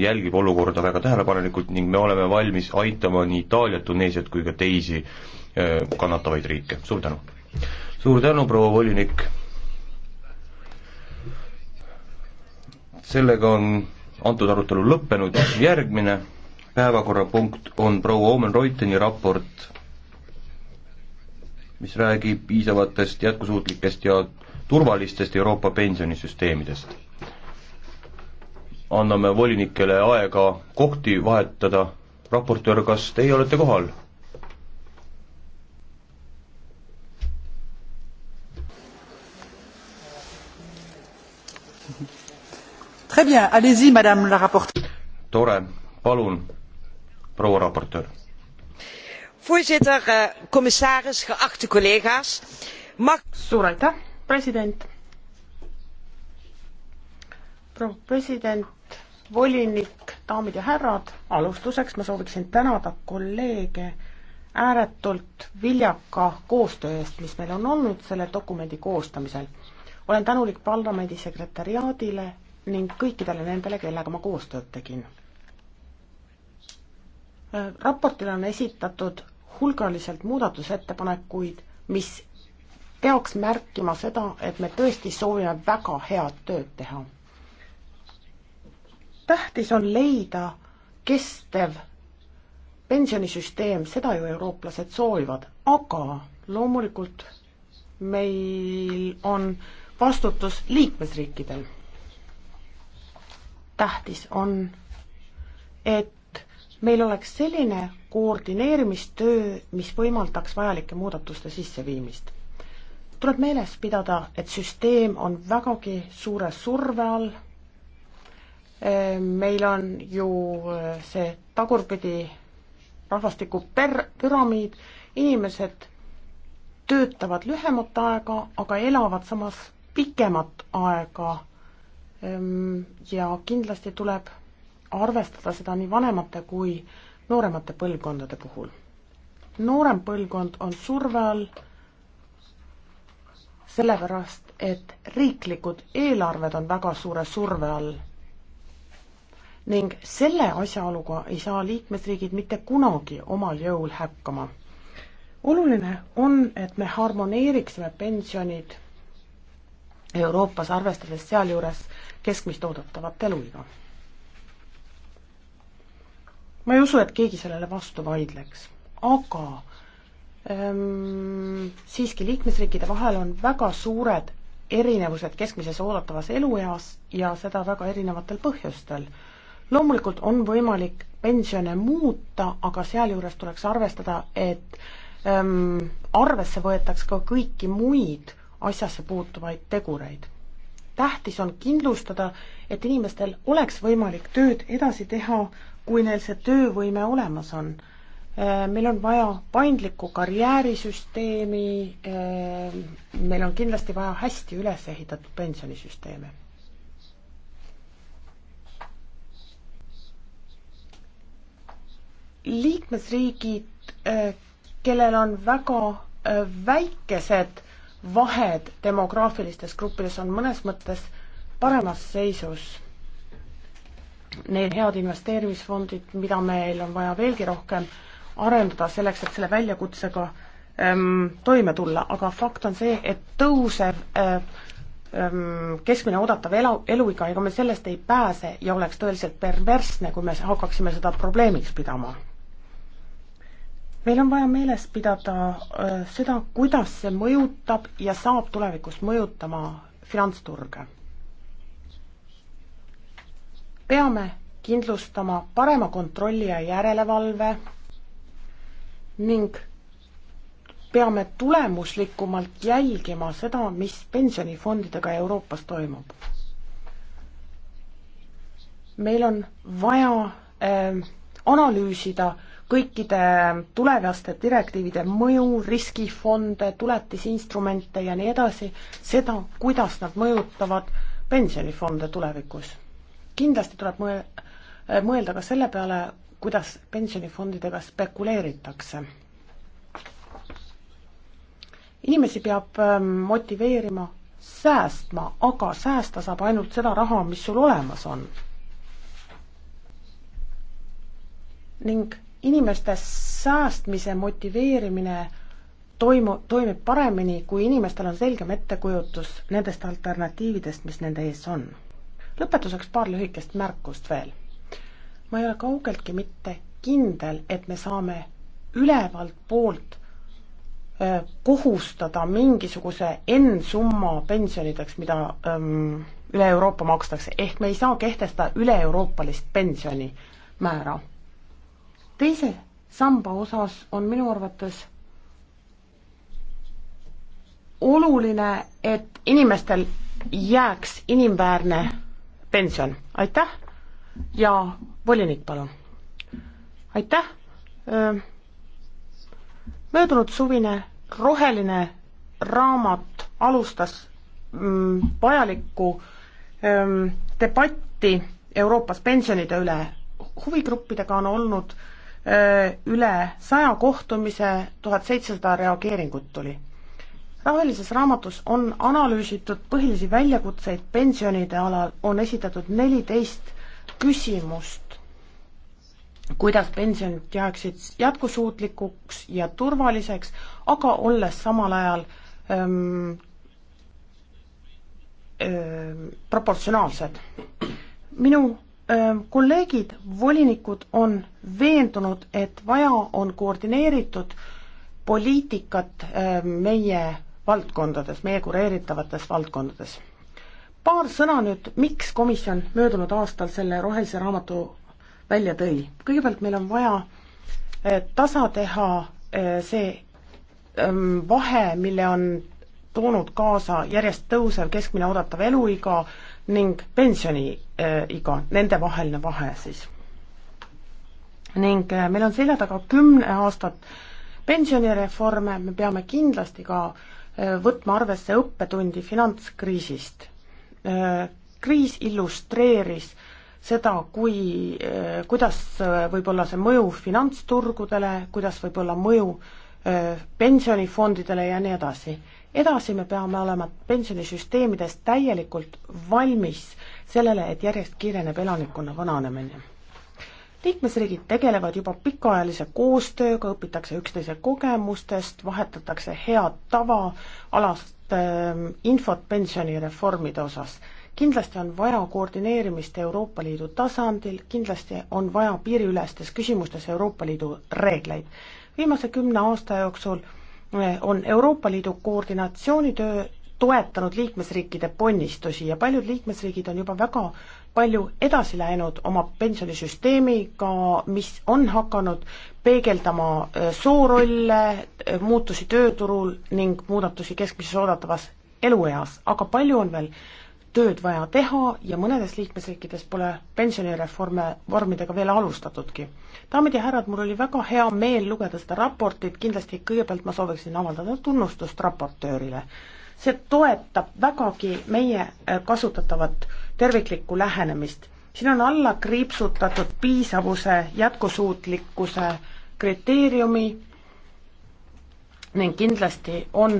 jälgib olukorda väga tähelepanelikult ning me oleme valmis aitama nii Itaaliat, Tuneesiat kui ka teisi eh, kannatavaid riike, suur tänu! suur tänu, proua volinik! sellega on antud arutelu lõppenud, järgmine päevakorrapunkt on proua Omen Reuteni raport, mis räägib piisavatest jätkusuutlikest ja turvalistest Euroopa pensionisüsteemidest anname volinikele aega kohti vahetada. raportöör, kas teie olete kohal? Très bien, allez-y, madame la rapporteure. Tore, palun, proua raportöör. Voorzitter, eh, commissaris, geachte collega's. Mag... Suur aitäh, president. proua president, volinik, daamid ja härrad, alustuseks ma sooviksin tänada kolleege ääretult viljaka koostöö eest, mis meil on olnud selle dokumendi koostamisel. olen tänulik parlamendi sekretäriaadile ning kõikidele nendele, kellega ma koostööd tegin. raportile on esitatud hulgaliselt muudatusettepanekuid, mis peaks märkima seda, et me tõesti soovime väga head tööd teha tähtis on leida kestev pensionisüsteem, seda ju eurooplased soovivad, aga loomulikult meil on vastutus liikmesriikidel. tähtis on, et meil oleks selline koordineerimistöö, mis võimaldaks vajalike muudatuste sisseviimist. tuleb meeles pidada, et süsteem on vägagi suure surve all Ehm, meil on ju eh, see tagurpidi rahvastiku per-, püramiid, inimesed töötavad lühemat aega, aga elavad samas pikemat aega ehm, ja kindlasti tuleb arvestada seda nii vanemate kui nooremate põlvkondade puhul. noorem põlvkond on surve all sellepärast, et riiklikud eelarved on väga suure surve all ning selle asjaoluga ei saa liikmesriigid mitte kunagi omal jõul häkkama. oluline on, et me harmoneeriksime pensionid Euroopas, arvestades sealjuures keskmist oodatavat eluiga. ma ei usu, et keegi sellele vastu vaidleks, aga ähm, siiski liikmesriikide vahel on väga suured erinevused keskmises oodatavas elueas ja seda väga erinevatel põhjustel loomulikult on võimalik pensione muuta, aga sealjuures tuleks arvestada, et ähm, arvesse võetaks ka kõiki muid asjasse puutuvaid tegureid. tähtis on kindlustada, et inimestel oleks võimalik tööd edasi teha, kui neil see töövõime olemas on äh, meil on vaja paindlikku karjäärisüsteemi, äh, meil on kindlasti vaja hästi üles ehitatud pensionisüsteeme liikmesriigid, äh, kellel on väga äh, väikesed vahed demograafilistes gruppides, on mõnes mõttes paremas seisus. Need head investeerimisfondid, mida meil on vaja veelgi rohkem arendada selleks, et selle väljakutsega ähm, toime tulla, aga fakt on see, et tõusev äh, ähm, keskmine oodatav elu, eluiga, ega me sellest ei pääse ja oleks tõeliselt perversne, kui me hakkaksime seda probleemiks pidama meil on vaja meeles pidada äh, seda, kuidas see mõjutab ja saab tulevikus mõjutama finantsturge. peame kindlustama parema kontrolli ja järelevalve ning peame tulemuslikumalt jälgima seda, mis pensionifondidega Euroopas toimub. meil on vaja äh, analüüsida äh, kõikide tulevaste direktiivide mõju, riskifonde, tuletisinstrumente ja nii edasi, seda, kuidas nad mõjutavad pensionifonde tulevikus. kindlasti tuleb mõe-, mõelda ka selle peale, kuidas pensionifondidega spekuleeritakse. inimesi peab ähm, motiveerima säästma, aga säästa saab ainult seda raha, mis sul olemas on. ning inimeste säästmise motiveerimine toimu, toimib paremini, kui inimestel on selgem ettekujutus nendest alternatiividest, mis nende ees on. lõpetuseks paar lühikest märkust veel. ma ei ole kaugeltki mitte kindel, et me saame ülevalt poolt öö, kohustada mingisuguse N-summa pensionideks, mida öö, üle Euroopa makstakse, ehk me ei saa kehtestada üle-euroopalist pensionimäära teise samba osas on minu arvates oluline, et inimestel jääks inimväärne pension, aitäh ja volinik, palun. aitäh, möödunud suvine roheline raamat alustas mm, vajalikku mm, debatti Euroopas pensionide üle, huvigruppidega on olnud äh, Äh, üle saja kohtumise, tuhat seitsesada reageeringut tuli. rohelises raamatus on analüüsitud põhilisi väljakutseid pensionide alal, on esitatud neliteist küsimust, kuidas pensionid jääksid jätkusuutlikuks ja turvaliseks, aga olles samal ajal öö, ähm, öö, ähm, proportsionaalsed. minu kolleegid, volinikud on veendunud, et vaja on koordineeritud poliitikat meie valdkondades, meie kureeritavates valdkondades. paar sõna nüüd, miks komisjon möödunud aastal selle rohelise raamatu välja tõi. kõigepealt meil on vaja tasa teha see vahe, mille on toonud kaasa järjest tõusev keskmine oodatav eluiga, ning pensioniiga, äh, nende vaheline vahe siis. ning äh, meil on selja taga kümne aastat pensionireforme, me peame kindlasti ka äh, võtma arvesse õppetundi finantskriisist. kriis illustreeris seda, kui, kuidas võib olla see mõju finantsturgudele, kuidas võib olla mõju pensionifondidele ja nii edasi edasi me peame olema pensionisüsteemides täielikult valmis sellele, et järjest kiireneb elanikkonna vananemine. liikmesriigid tegelevad juba pikaajalise koostööga, õpitakse üksteise kogemustest, vahetatakse head tava alast äh, infot pensionireformide osas. kindlasti on vaja koordineerimist Euroopa Liidu tasandil, kindlasti on vaja piiriülestes küsimustes Euroopa Liidu reegleid. viimase kümne aasta jooksul on Euroopa Liidu koordinatsioonitöö toetanud liikmesriikide ponnistusi ja paljud liikmesriigid on juba väga palju edasi läinud oma pensionisüsteemiga, mis on hakanud peegeldama äh, soorolle, äh, muutusi tööturul ning muudatusi keskmises oodatavas elueas, aga palju on veel tööd vaja teha ja mõnedes liikmesriikides pole pensionireforme vormidega veel alustatudki. daamid ja härrad, mul oli väga hea meel lugeda seda raportit, kindlasti kõigepealt ma sooviksin avaldada tunnustust raportöörile. see toetab vägagi meie äh, kasutatavat terviklikku lähenemist. siin on alla kriipsutatud piisavuse, jätkusuutlikkuse kriteeriumi, ning kindlasti on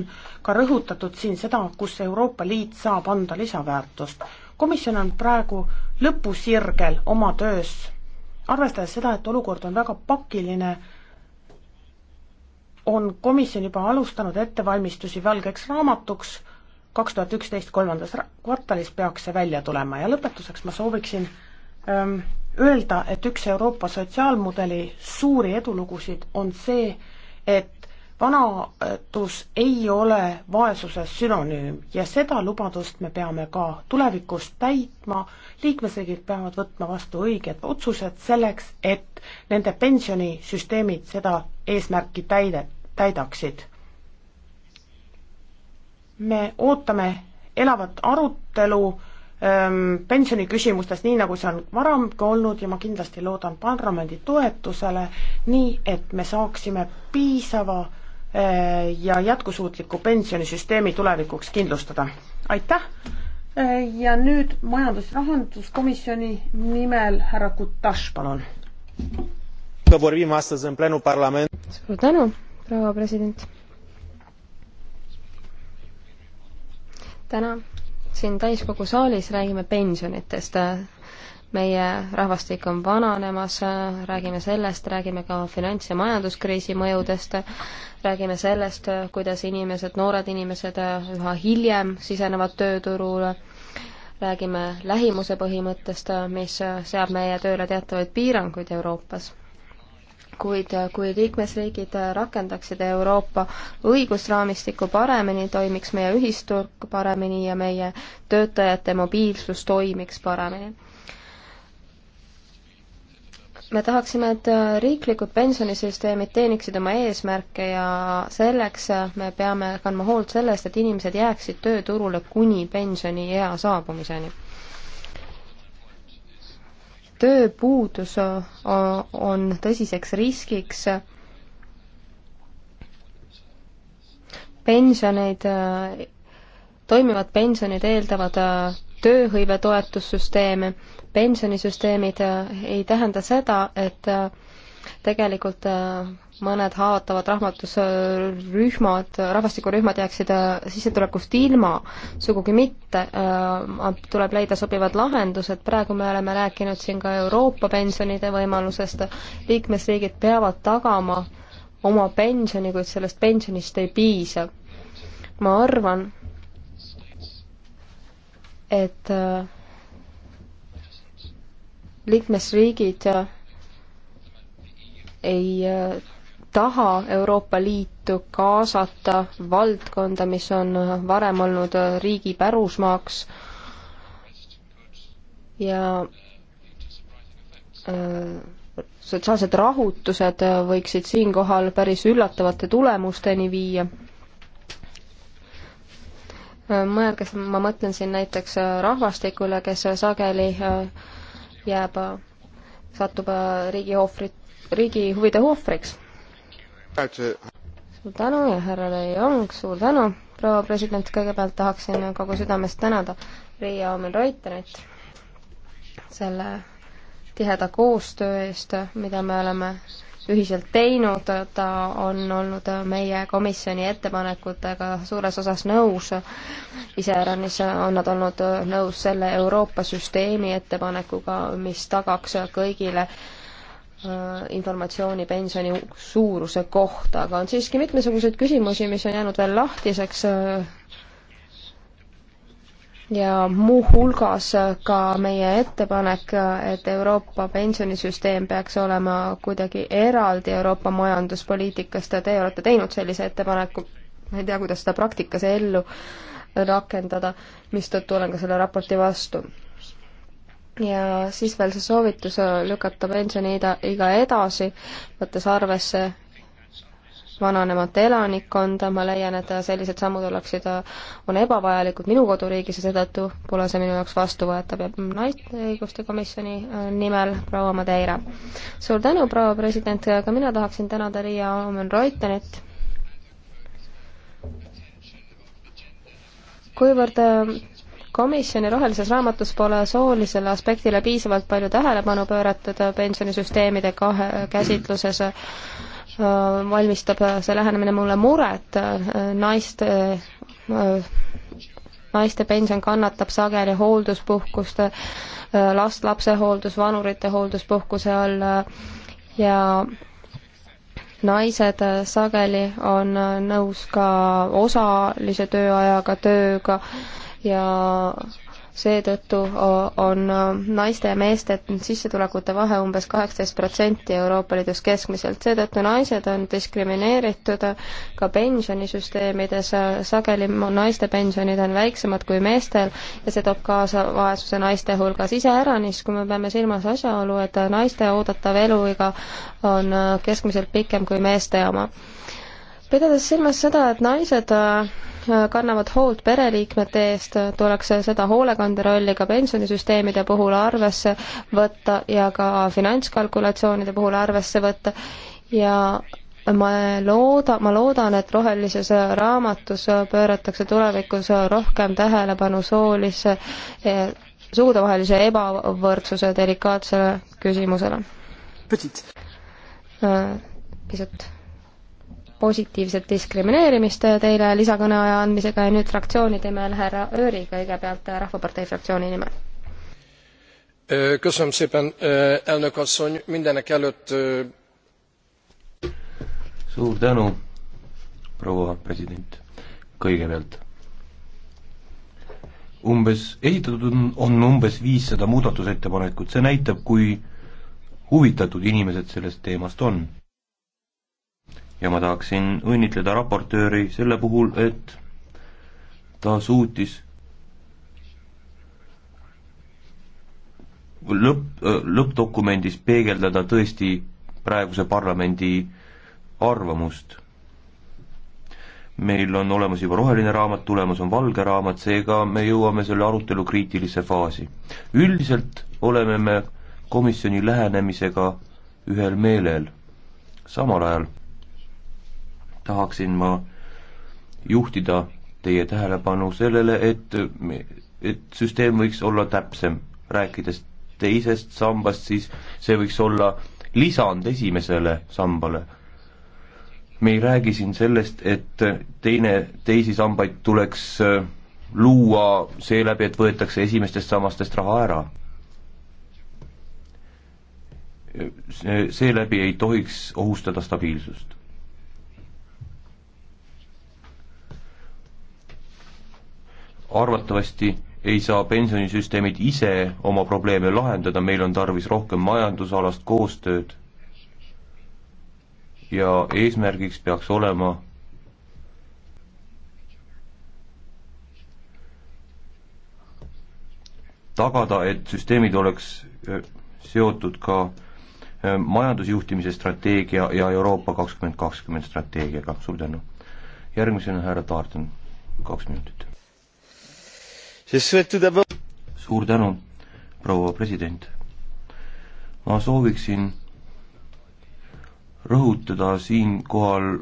ka rõhutatud siin seda, kus Euroopa Liit saab anda lisaväärtust. komisjon on praegu lõpusirgel oma töös, arvestades seda, et olukord on väga pakiline, on komisjon juba alustanud ettevalmistusi valgeks raamatuks, kaks tuhat üksteist kolmandas kvartalis peaks see välja tulema ja lõpetuseks ma sooviksin öö, ähm, öelda, et üks Euroopa sotsiaalmudeli suuri edulugusid on see, et vanadus ei ole vaesuse sünonüüm ja seda lubadust me peame ka tulevikus täitma, liikmesriigid peavad võtma vastu õiged otsused selleks, et nende pensionisüsteemid seda eesmärki täide, täidaksid. me ootame elavat arutelu ähm, pensioniküsimustes, nii nagu see on varamgi olnud ja ma kindlasti loodan parlamendi toetusele, nii et me saaksime piisava Äh, ja jätkusuutliku pensionisüsteemi tulevikuks kindlustada. aitäh äh, ja nüüd majandus- ja rahanduskomisjoni nimel härra Kutaš, palun. suur tänu, proua president. täna siin täiskogu saalis räägime pensionitest meie rahvastik on vananemas, räägime sellest, räägime ka finants- ja majanduskriisi mõjudest, räägime sellest, kuidas inimesed, noored inimesed üha hiljem sisenevad tööturule, räägime lähimuse põhimõttest, mis seab meie tööle teatavaid piiranguid Euroopas kuid kui liikmesriigid rakendaksid Euroopa õigusraamistikku paremini, toimiks meie ühisturg paremini ja meie töötajate mobiilsus toimiks paremini me tahaksime, et äh, riiklikud pensionisüsteemid teeniksid oma eesmärke ja selleks äh, me peame kandma hoolt selle eest, et inimesed jääksid tööturule kuni pensioniea saabumiseni. tööpuudus äh, on tõsiseks riskiks pensioneid, toimivad pensionid eeldavad tööhõive toetussüsteeme, pensionisüsteemid äh, ei tähenda seda, et äh, tegelikult äh, mõned haavatavad rahvatusrühmad, rahvastikurühmad jääksid sissetulekust ilma, sugugi mitte, tuleb leida sobivad lahendused, praegu me oleme rääkinud siin ka Euroopa pensionide võimalusest, liikmesriigid peavad tagama oma pensioni, kuid sellest pensionist ei piisa. ma arvan, et äh, liikmesriigid äh, ei äh, taha Euroopa Liitu kaasata valdkonda, mis on äh, varem olnud riigi pärusmaaks ja sotsiaalsed rahutused võiksid siinkohal päris üllatavate tulemusteni viia. mõelge, ma mõtlen siin näiteks rahvastikule, kes sageli jääb, satub äh, riigi ohvrit, riigi huvide ohvriks. suur tänu ja härra Le Jong, suur tänu, proua president, kõigepealt tahaksin kogu südamest tänada Riia Omen-Reuterit selle tiheda koostöö eest, mida me oleme ühiselt teinud, ta on olnud meie komisjoni ettepanekutega suures osas nõus, iseäranis on nad olnud nõus selle Euroopa süsteemi ettepanekuga, mis tagaks kõigile äh, informatsiooni pensioni suuruse kohta, aga on siiski mitmesuguseid küsimusi, mis on jäänud veel lahtiseks äh, ja muuhulgas ka meie ettepanek, et Euroopa pensionisüsteem peaks olema kuidagi eraldi Euroopa majanduspoliitikast ja te olete teinud sellise ettepaneku, ma ei tea, kuidas seda praktikas ellu rakendada, mistõttu olen ka selle raporti vastu. ja siis veel see soovitus lükata pensioniiga edasi, võttes arvesse vananevat elanikkonda, ma leian, et sellised sammud oleksid, on ebavajalikud minu koduriigis ja seetõttu pole see minu jaoks vastuvõetav ja naiste õiguste komisjoni äh, nimel proua Madeira. suur tänu, proua president, ka mina tahaksin tänada Riia Omen-Reutenit kuivõrd äh, komisjoni rohelises raamatus pole soolisele aspektile piisavalt palju tähelepanu pööratud äh, pensionisüsteemide kahe käsitluses, Äh, valmistab äh, see lähenemine mulle muret, äh, naiste, naiste pension kannatab sageli hoolduspuhkuste, last, lapse hooldus, vanurite hoolduspuhkuse all ja naised sageli on nõus ka osalise tööajaga tööga ja seetõttu on naiste ja meeste sissetulekute vahe umbes kaheksateist protsenti Euroopa Liidus keskmiselt, seetõttu naised on diskrimineeritud ka pensionisüsteemides, sageli naiste pensionid on väiksemad kui meestel ja see toob kaasa vaesuse naiste hulgas iseäranis, kui me peame silmas asjaolu, et naiste oodatav eluiga on keskmiselt pikem kui meeste oma. pidades silmas seda, et naised kannavad hoolt pereliikmete eest, tuleks seda hoolekande rolli ka pensionisüsteemide puhul arvesse võtta ja ka finantskalkulatsioonide puhul arvesse võtta ja ma looda, ma loodan, et rohelises raamatus pööratakse tulevikus rohkem tähelepanu soolise, sugudevahelise ebavõrdsuse delikaatsele küsimusele. Äh, pisut positiivset diskrimineerimist teile lisakõneaja andmisega ja nüüd fraktsioonide nimel härra Ööri kõigepealt Rahvapartei fraktsiooni nimel. köszönöm szépen, eh, elnök asszony, mindenek előtt. Eh, suur tänu, proua president, kõigepealt. umbes, esitatud on, on umbes viissada muudatusettepanekut, see näitab, kui huvitatud inimesed sellest teemast on ja ma tahaksin õnnitleda raportööri selle puhul, et ta suutis lõpp, lõppdokumendis peegeldada tõesti praeguse parlamendi arvamust. meil on olemas juba roheline raamat, tulemas on valge raamat, seega me jõuame selle arutelu kriitilisse faasi. üldiselt oleme me komisjoni lähenemisega ühel meelel, samal ajal tahaksin ma juhtida teie tähelepanu sellele, et, et süsteem võiks olla täpsem. rääkides teisest sambast, siis see võiks olla lisand esimesele sambale. me ei räägi siin sellest, et teine, teisi sambaid tuleks äh, luua seeläbi, et võetakse esimestest sammastest raha ära. Äh, seeläbi ei tohiks ohustada stabiilsust arvatavasti ei saa pensionisüsteemid ise oma probleeme lahendada, meil on tarvis rohkem majandusalast koostööd. ja eesmärgiks peaks olema tagada, et süsteemid oleks äh, seotud ka äh, majandusjuhtimise strateegia ja Euroopa kakskümmend kakskümmend strateegiaga, suur tänu. järgmisena härra Taarten, kaks minutit suur tänu, proua president. ma sooviksin rõhutada siinkohal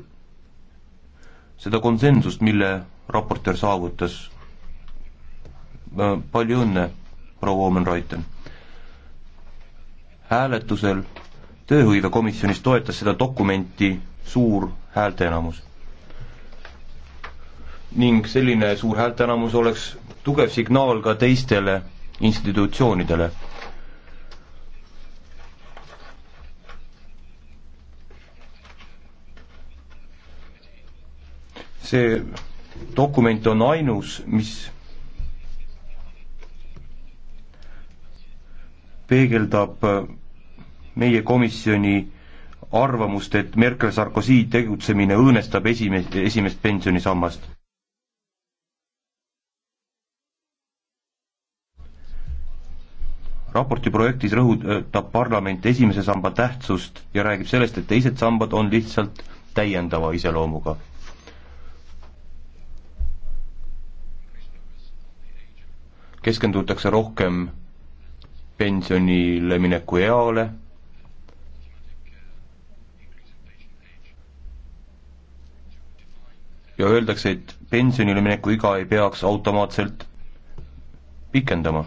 seda konsensust, mille raportöör saavutas. palju õnne, proua Omen-Raiten. hääletusel tööhõivekomisjonis toetas seda dokumenti suur häälteenamus. ning selline suur häälteenamus oleks tugev signaal ka teistele institutsioonidele. see dokument on ainus, mis peegeldab äh, meie komisjoni arvamust, et Merkel-Sarkozy tegutsemine õõnestab esime-, esimest pensionisammast. raporti projektis rõhutab äh, parlament esimese samba tähtsust ja räägib sellest, et teised sambad on lihtsalt täiendava iseloomuga. keskendutakse rohkem pensionile mineku eale, ja öeldakse, et pensionile mineku iga ei peaks automaatselt pikendama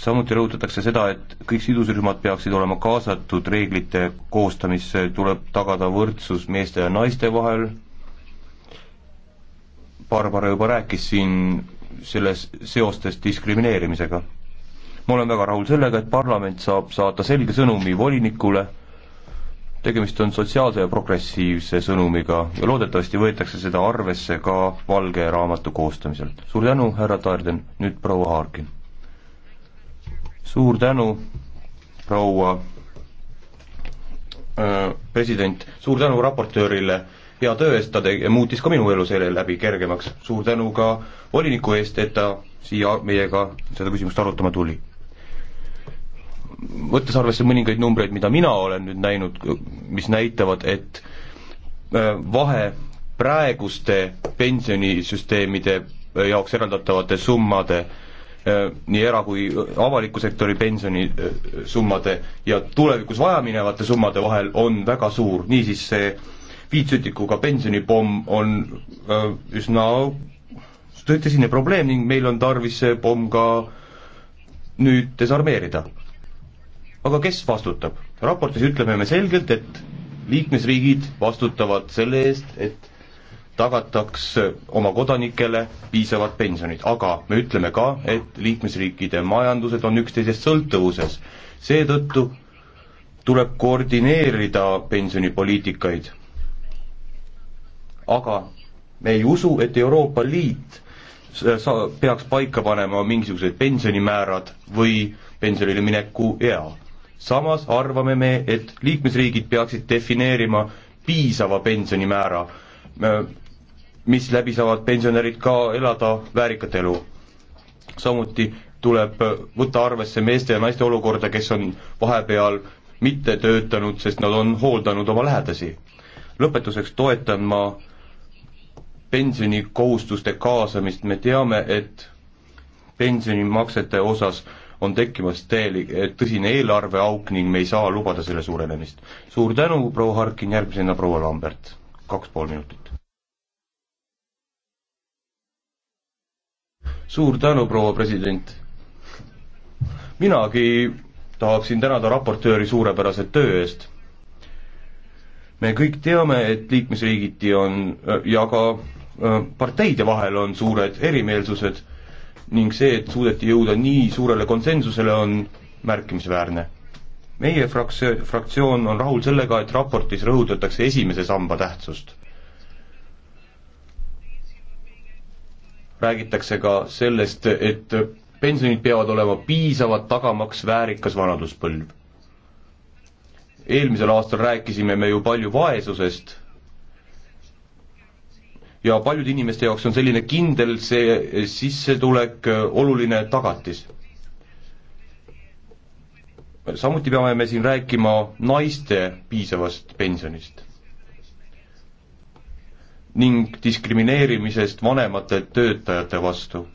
samuti rõhutatakse seda, et kõik sidusrühmad peaksid olema kaasatud reeglite koostamisse, tuleb tagada võrdsus meeste ja naiste vahel, Barbara juba rääkis siin selles seostes diskrimineerimisega. ma olen väga rahul sellega, et parlament saab saata selge sõnumi volinikule, tegemist on sotsiaalse ja progressiivse sõnumiga ja loodetavasti võetakse seda arvesse ka valge raamatu koostamisel. suur tänu, härra Taerden, nüüd proua Haarkin suur tänu, proua äh, president, suur tänu raportöörile hea töö eest, ta tegi, muutis ka minu elu selle läbi kergemaks, suur tänu ka voliniku eest, et ta siia meiega seda küsimust arutama tuli. võttes arvesse mõningaid numbreid, mida mina olen nüüd näinud, mis näitavad, et äh, vahe praeguste pensionisüsteemide jaoks eraldatavate summade äh, Äh, nii era- kui äh, avaliku sektori pensionisummade äh, ja tulevikus vajaminevate summade vahel on väga suur, niisiis see viitsütikuga pensionipomm on üsna tõsine probleem ning meil on tarvis see pomm ka nüüd desarmeerida. aga kes vastutab? raportis ütleme me selgelt, et liikmesriigid vastutavad selle eest, et tagataks oma kodanikele piisavad pensionid, aga me ütleme ka, et liikmesriikide majandused on üksteisest sõltuvuses. seetõttu tuleb koordineerida pensionipoliitikaid. aga me ei usu, et Euroopa Liit sa-, peaks paika panema mingisugused pensionimäärad või pensionile mineku ea. samas arvame me, et liikmesriigid peaksid defineerima piisava pensionimäära äh, mis läbi saavad pensionärid ka elada väärikat elu. samuti tuleb võtta arvesse meeste ja naiste olukorda, kes on vahepeal mitte töötanud, sest nad on hooldanud oma lähedasi. lõpetuseks toetan ma pensionikohustuste kaasamist, me teame, et pensionimaksete osas on tekkimas täielik, tõsine eelarveauk ning me ei saa lubada selle suurenemist. suur tänu, proua Harkin, järgmisena proua Lambert, kaks pool minutit. suur tänu, proua president. minagi tahaksin tänada raportööri suurepärase töö eest. me kõik teame, et liikmesriigiti on äh, ja ka äh, parteide vahel on suured erimeelsused ning see, et suudeti jõuda nii suurele konsensusele, on märkimisväärne. meie frakts-, fraktsioon on rahul sellega, et raportis rõhutatakse esimese samba tähtsust räägitakse ka sellest, et pensionid peavad olema piisavad, tagamaks väärikas vanaduspõlv. eelmisel aastal rääkisime me ju palju vaesusest ja paljude inimeste jaoks on selline kindel see sissetulek äh, oluline tagatis. samuti peame me siin rääkima naiste piisavast pensionist ning diskrimineerimisest vanemate töötajate vastu.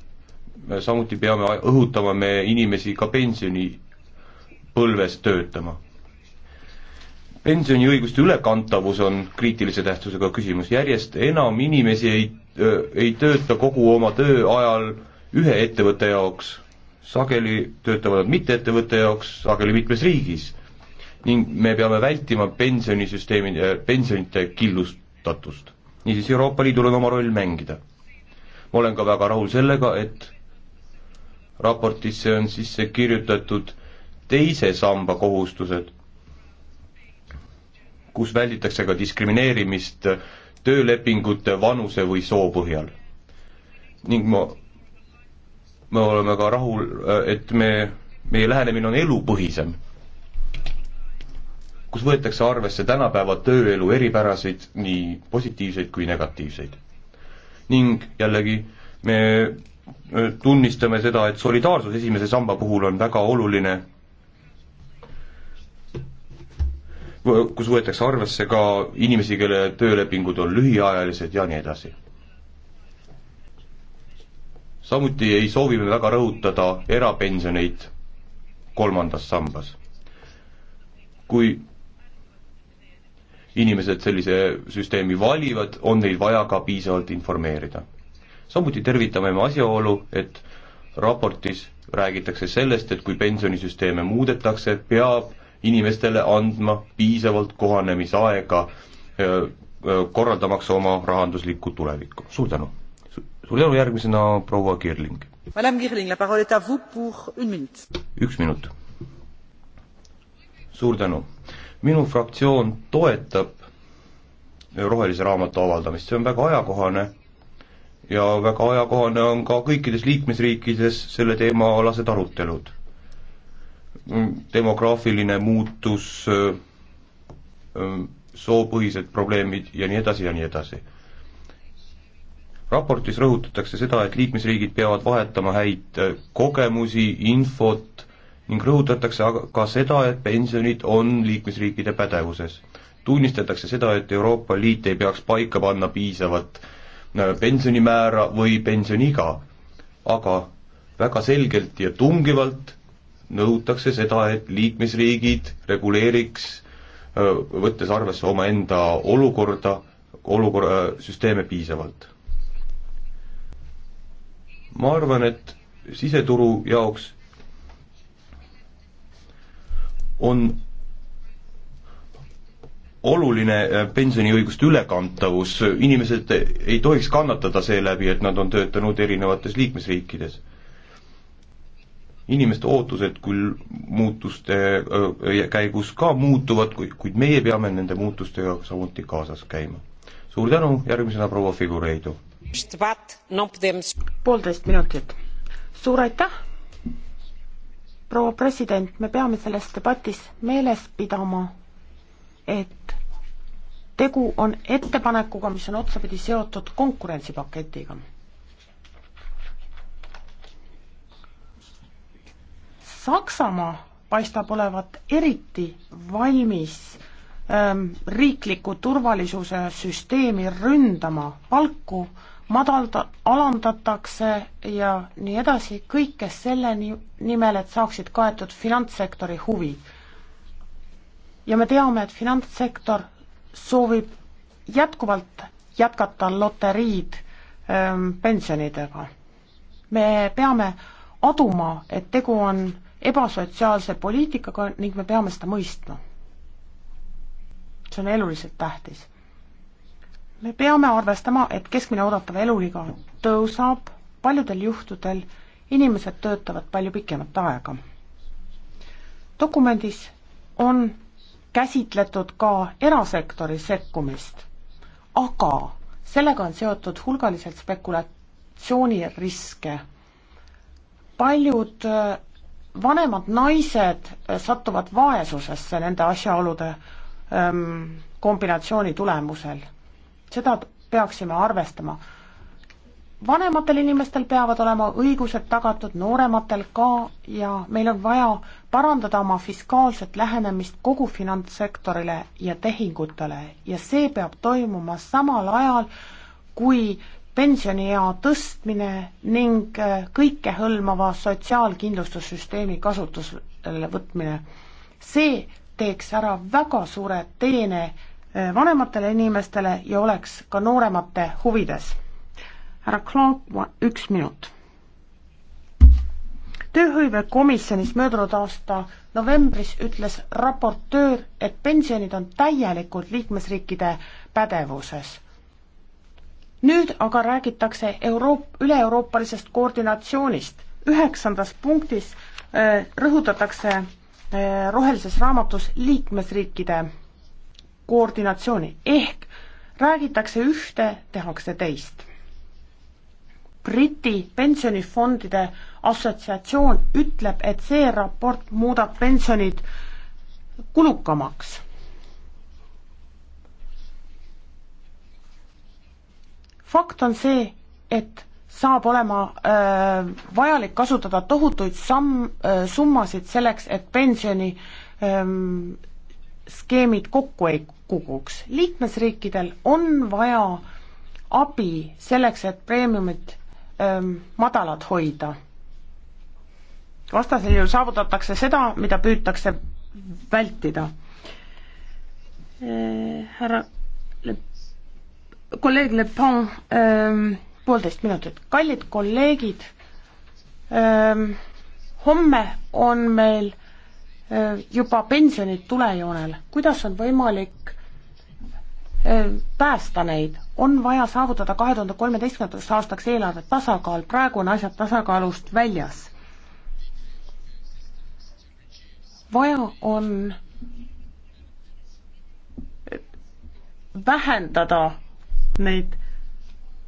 samuti peame õhutama me inimesi ka pensionipõlves töötama. pensioniõiguste ülekantavus on kriitilise tähtsusega küsimus, järjest enam inimesi ei, ei tööta kogu oma tööajal ühe ettevõtte jaoks, sageli töötavad nad mitteettevõtte jaoks, sageli mitmes riigis. ning me peame vältima pensionisüsteemide, pensionite killustatust niisiis, Euroopa Liidul on oma roll mängida. ma olen ka väga rahul sellega, et raportisse on sisse kirjutatud teise samba kohustused, kus välditakse ka diskrimineerimist töölepingute vanuse või soo põhjal. ning ma, me oleme ka rahul, et me, meie lähenemine on elupõhisem kus võetakse arvesse tänapäeva tööelu eripärasid, nii positiivseid kui negatiivseid. ning jällegi, me äh, tunnistame seda, et solidaarsus esimese samba puhul on väga oluline, kus võetakse arvesse ka inimesi, kelle töölepingud on lühiajalised ja nii edasi. samuti ei soovi me väga rõhutada erapensioneid kolmandas sambas. kui inimesed sellise süsteemi valivad, on neid vaja ka piisavalt informeerida. samuti tervitame me asjaolu, et raportis räägitakse sellest, et kui pensionisüsteeme muudetakse, peab inimestele andma piisavalt kohanemisaega, korraldamaks oma rahanduslikku tulevikku. suur tänu! suur tänu, järgmisena proua Kirling. üks minut. suur tänu! minu fraktsioon toetab rohelise raamatu avaldamist, see on väga ajakohane ja väga ajakohane on ka kõikides liikmesriikides selle teema alased arutelud. demograafiline muutus, soopõhised probleemid ja nii edasi ja nii edasi. raportis rõhutatakse seda, et liikmesriigid peavad vahetama häid kogemusi, infot, ning rõhutatakse aga ka seda, et pensionid on liikmesriikide pädevuses. tunnistatakse seda, et Euroopa Liit ei peaks paika panna piisavat äh, pensionimäära või pensioniiga, aga väga selgelt ja tungivalt nõutakse seda, et liikmesriigid reguleeriks, äh, võttes arvesse omaenda olukorda, olukorra, äh, süsteeme piisavalt. ma arvan, et siseturu jaoks on oluline äh, pensioniõiguste ülekantavus, inimesed ei tohiks kannatada seeläbi, et nad on töötanud erinevates liikmesriikides. inimeste ootused küll muutuste äh, käigus ka muutuvad, kuid, kuid meie peame nende muutustega samuti kaasas käima. suur tänu, järgmisena proua Figureidu. poolteist minutit. suur aitäh proua president, me peame selles debatis meeles pidama, et tegu on ettepanekuga, mis on otsapidi seotud konkurentsipaketiga. Saksamaa paistab olevat eriti valmis ähm, riikliku turvalisuse süsteemi ründama, palku madalda, alandatakse ja nii edasi, kõike selle nimel, et saaksid kaetud finantssektori huvid. ja me teame, et finantssektor soovib jätkuvalt jätkata loteriid ähm, pensionidega. me peame aduma, et tegu on ebasotsiaalse poliitikaga ning me peame seda mõistma. see on eluliselt tähtis me peame arvestama, et keskmine oodatav eluiga tõusab, paljudel juhtudel inimesed töötavad palju pikemat aega. dokumendis on käsitletud ka erasektori sekkumist, aga sellega on seotud hulgaliselt spekulatsiooniriske. paljud äh, vanemad naised äh, satuvad vaesusesse nende asjaolude ähm, kombinatsiooni tulemusel seda peaksime arvestama. vanematel inimestel peavad olema õigused tagatud, noorematel ka, ja meil on vaja parandada oma fiskaalset lähenemist kogu finantssektorile ja tehingutele ja see peab toimuma samal ajal, kui pensioniea tõstmine ning äh, kõikehõlmava sotsiaalkindlustussüsteemi kasutusele võtmine. see teeks ära väga suure teene Eh, vanematele inimestele ja oleks ka nooremate huvides. härra Clark, üks minut. tööhõivekomisjonis möödunud aasta novembris ütles raportöör, et pensionid on täielikult liikmesriikide pädevuses. nüüd aga räägitakse Euroop-, üle-euroopalisest koordinatsioonist. üheksandas punktis eh, rõhutatakse eh, rohelises raamatus liikmesriikide koordinatsiooni ehk räägitakse ühte, tehakse teist. Briti pensionifondide assotsiatsioon ütleb, et see raport muudab pensionid kulukamaks fakt on see, et saab olema äh, vajalik kasutada tohutuid samm äh,, summasid selleks, et pensioni ähm, skeemid kokku ei kukuks. liikmesriikidel on vaja abi selleks, et preemiumid ähm, madalad hoida. vastasel juhul saavutatakse seda, mida püütakse vältida äh,. härra Le-, kolleeg Le Pen ähm,, poolteist minutit, kallid kolleegid ähm,, homme on meil juba pensionid tulejoonel, kuidas on võimalik e, päästa neid, on vaja saavutada kahe tuhande kolmeteistkümnendaks aastaks eelarve tasakaal, praegu on asjad tasakaalust väljas. vaja on vähendada neid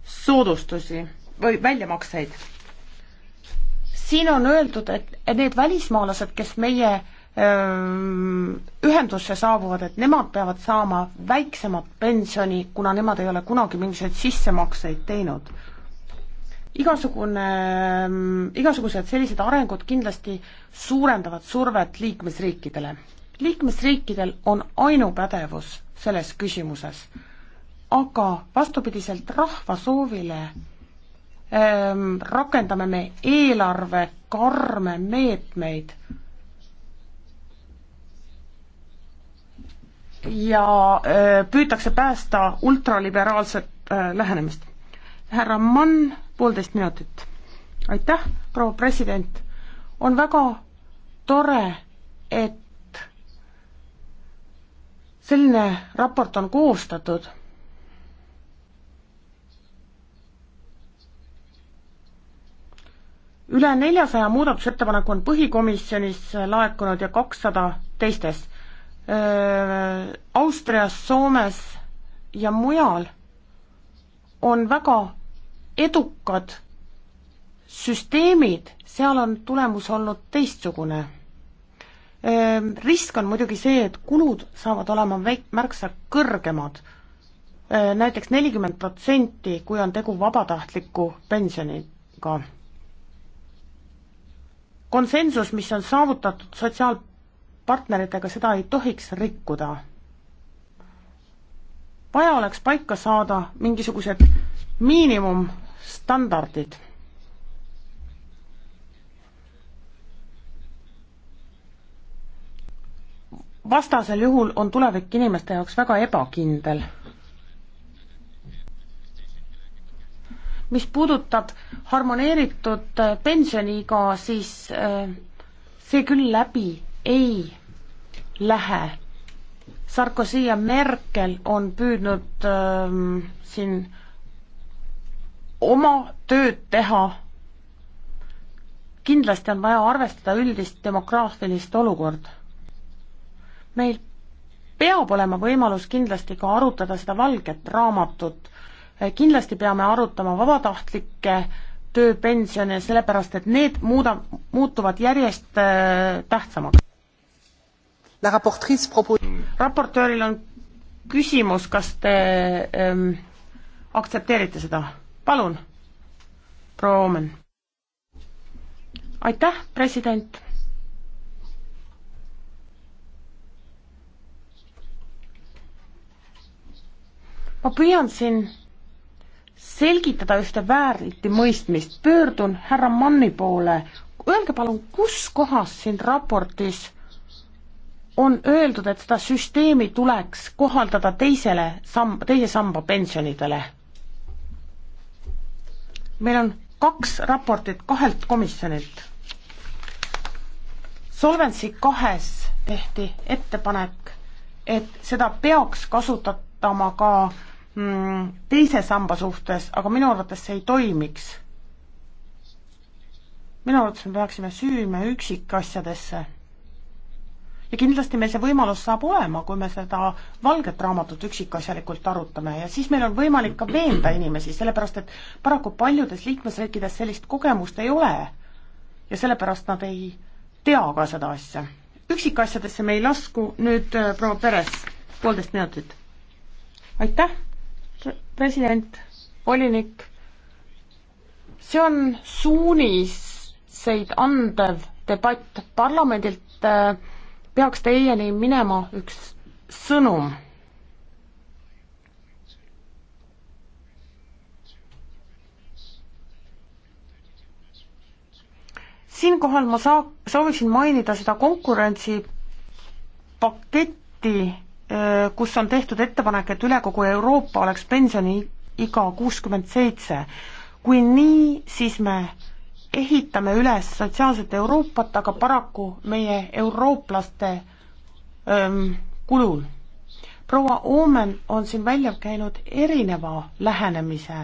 soodustusi või väljamakseid. siin on öeldud, et need välismaalased, kes meie äh, ühendusse saabuvad, et nemad peavad saama väiksemat pensioni, kuna nemad ei ole kunagi mingisuguseid sissemakseid teinud. igasugune, igasugused sellised arengud kindlasti suurendavad survet liikmesriikidele. liikmesriikidel on ainupädevus selles küsimuses, aga vastupidiselt rahva soovile rakendame me eelarve karme meetmeid ja äh, püütakse päästa ultraliberaalset äh, lähenemist. härra Mann, poolteist minutit. aitäh, proua president. on väga tore, et selline raport on koostatud. üle neljasaja muudatusettepaneku on põhikomisjonis laekunud ja kakssada teistes Äh, Austrias, Soomes ja mujal on väga edukad süsteemid, seal on tulemus olnud teistsugune. Äh, risk on muidugi see, et kulud saavad olema väik-, märksa kõrgemad näiteks, äh, näiteks nelikümmend protsenti, kui on tegu vabatahtliku pensioniga. konsensus, mis on saavutatud sotsiaal- partneritega seda ei tohiks rikkuda. vaja oleks paika saada mingisugused miinimumstandardid. vastasel juhul on tulevik inimeste jaoks väga ebakindel. mis puudutab harmoneeritud pensioniiga, siis äh, see küll läbi ei lähe. Sarkozy ja Merkel on püüdnud ähm, siin oma tööd teha. kindlasti on vaja arvestada üldist demograafilist olukorda. meil peab olema võimalus kindlasti ka arutada seda valget raamatut, äh, kindlasti peame arutama vabatahtlikke tööpensione, sellepärast et need muuda, muutuvad järjest äh, tähtsamaks raportööril on küsimus, kas te ähm, aktsepteerite seda? palun, proua Oomen. aitäh, president. ma püüan siin selgitada ühte vääriti mõistmist, pöördun härra Manni poole, öelge palun, kus kohas siin raportis äh, on öeldud, et seda süsteemi tuleks kohaldada teisele sam-, teise samba pensionidele. meil on kaks raportit kahelt komisjonilt. Solvency kahes tehti ettepanek, et seda peaks kasutatama ka mm, teise samba suhtes, aga minu arvates see ei toimiks. minu arvates me peaksime süüvima üksikasjadesse ja kindlasti meil see võimalus saab olema, kui me seda valget raamatut üksikasjalikult arutame ja siis meil on võimalik ka veenda inimesi, sellepärast et paraku paljudes liikmesriikides sellist kogemust ei ole. ja sellepärast nad ei tea ka seda asja. üksikasjadesse me ei lasku, nüüd äh, proua Peres, poolteist minutit. aitäh, president, volinik, see on suuniseid andev debatt parlamendilt äh, peaks teieni minema üks sõnum. siinkohal ma saa-, sooviksin mainida seda konkurentsipaketti, äh, kus on tehtud ettepanek, et üle kogu Euroopa oleks pensioniiga kuuskümmend seitse. kui nii, siis me ehitame üles sotsiaalset Euroopat, aga paraku meie eurooplaste öm, kulul. proua Oomen on siin välja käinud erineva lähenemise.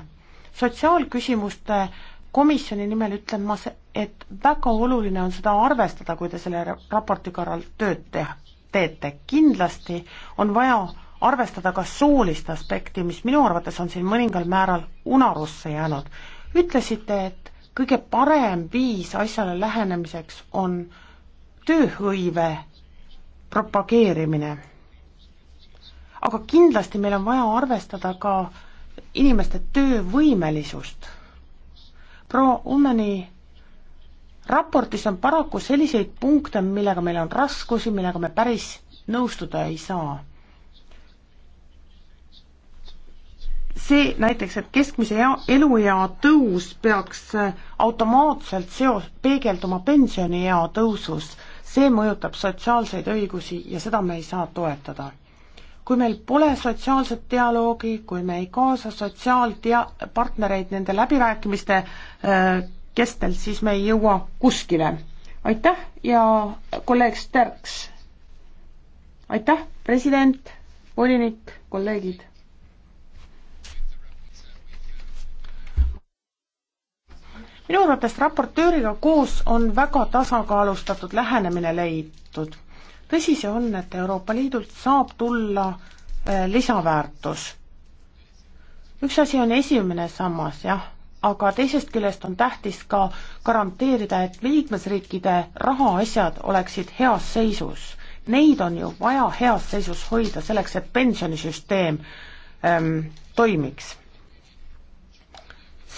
sotsiaalküsimuste komisjoni nimel ütlen ma, et väga oluline on seda arvestada, kui te selle raporti korral tööd te teete. kindlasti on vaja arvestada ka soolist aspekti, mis minu arvates on siin mõningal määral unarusse jäänud. ütlesite, et kõige parem viis asjale lähenemiseks on tööhõive propageerimine. aga kindlasti meil on vaja arvestada ka inimeste töövõimelisust. proua Ummeni raportis on paraku selliseid punkte, millega meil on raskusi, millega me päris nõustuda ei saa see näiteks, et keskmise eluea tõus peaks äh, automaatselt seos, peegelduma pensioniea tõusus, see mõjutab sotsiaalseid õigusi ja seda me ei saa toetada. kui meil pole sotsiaalset dialoogi, kui me ei kaasa sotsiaaldia-, partnereid nende läbirääkimiste äh, kestel, siis me ei jõua kuskile. aitäh ja kolleeg Sterks! aitäh, president, volinik, kolleegid! minu arvates raportööriga koos on väga tasakaalustatud lähenemine leitud. tõsi see on, et Euroopa Liidult saab tulla eh, lisaväärtus. üks asi on esimene sammas, jah, aga teisest küljest on tähtis ka garanteerida, et liikmesriikide rahaasjad oleksid heas seisus. Neid on ju vaja heas seisus hoida selleks, et pensionisüsteem ähm, toimiks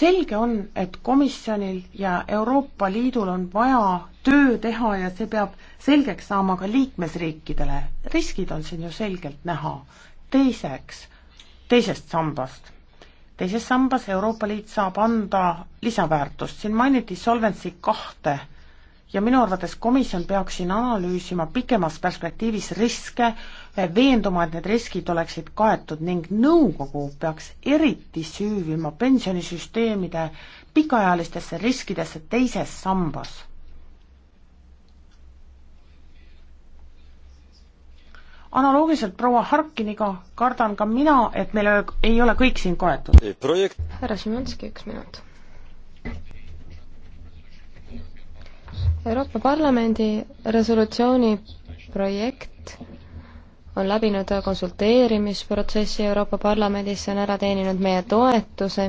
selge on, et komisjonil ja Euroopa Liidul on vaja töö teha ja see peab selgeks saama ka liikmesriikidele. riskid on siin ju selgelt näha. teiseks, teisest sambast. teises sambas Euroopa Liit saab anda lisaväärtust, siin mainiti Solvency kahte ja minu arvates komisjon peaks siin analüüsima pikemas perspektiivis riske, veenduma, et need riskid oleksid kaetud ning nõukogu peaks eriti süüvima pensionisüsteemide pikaajalistesse riskidesse teises sambas. analoogiliselt proua Harkiniga kardan ka mina, et meil ei ole kõik siin kaetud. härra Šimanski, üks minut Euroopa Parlamendi resolutsiooni projekt on läbinud konsulteerimisprotsessi Euroopa Parlamendis, see on ära teeninud meie toetuse.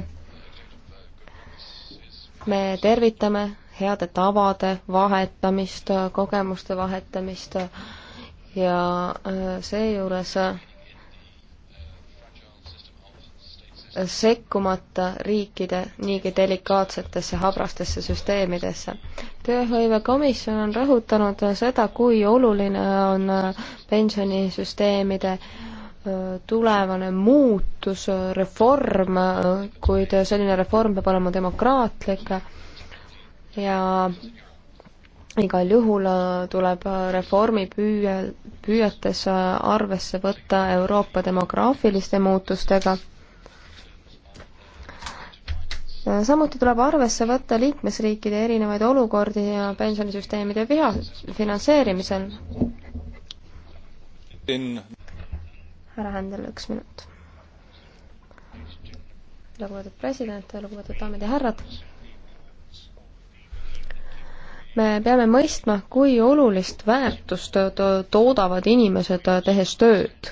me tervitame heade tavade vahetamist, kogemuste vahetamist ja äh, seejuures sekkumata riikide niigi delikaatsetesse habrastesse süsteemidesse. tööhõivekomisjon on rõhutanud seda, kui oluline on pensionisüsteemide äh, tulevane muutus, reform, kuid selline reform peab olema demokraatlik ja igal juhul äh, tuleb reformi püüe, püüetes äh, arvesse võtta Euroopa demograafiliste muutustega samuti tuleb arvesse võtta liikmesriikide erinevaid olukordi ja pensionisüsteemide via-, finantseerimisel. härra Händel, üks minut. lugupeetud president, lugupeetud daamid ja härrad me peame mõistma, kui olulist väärtust toodavad inimesed, tehes tööd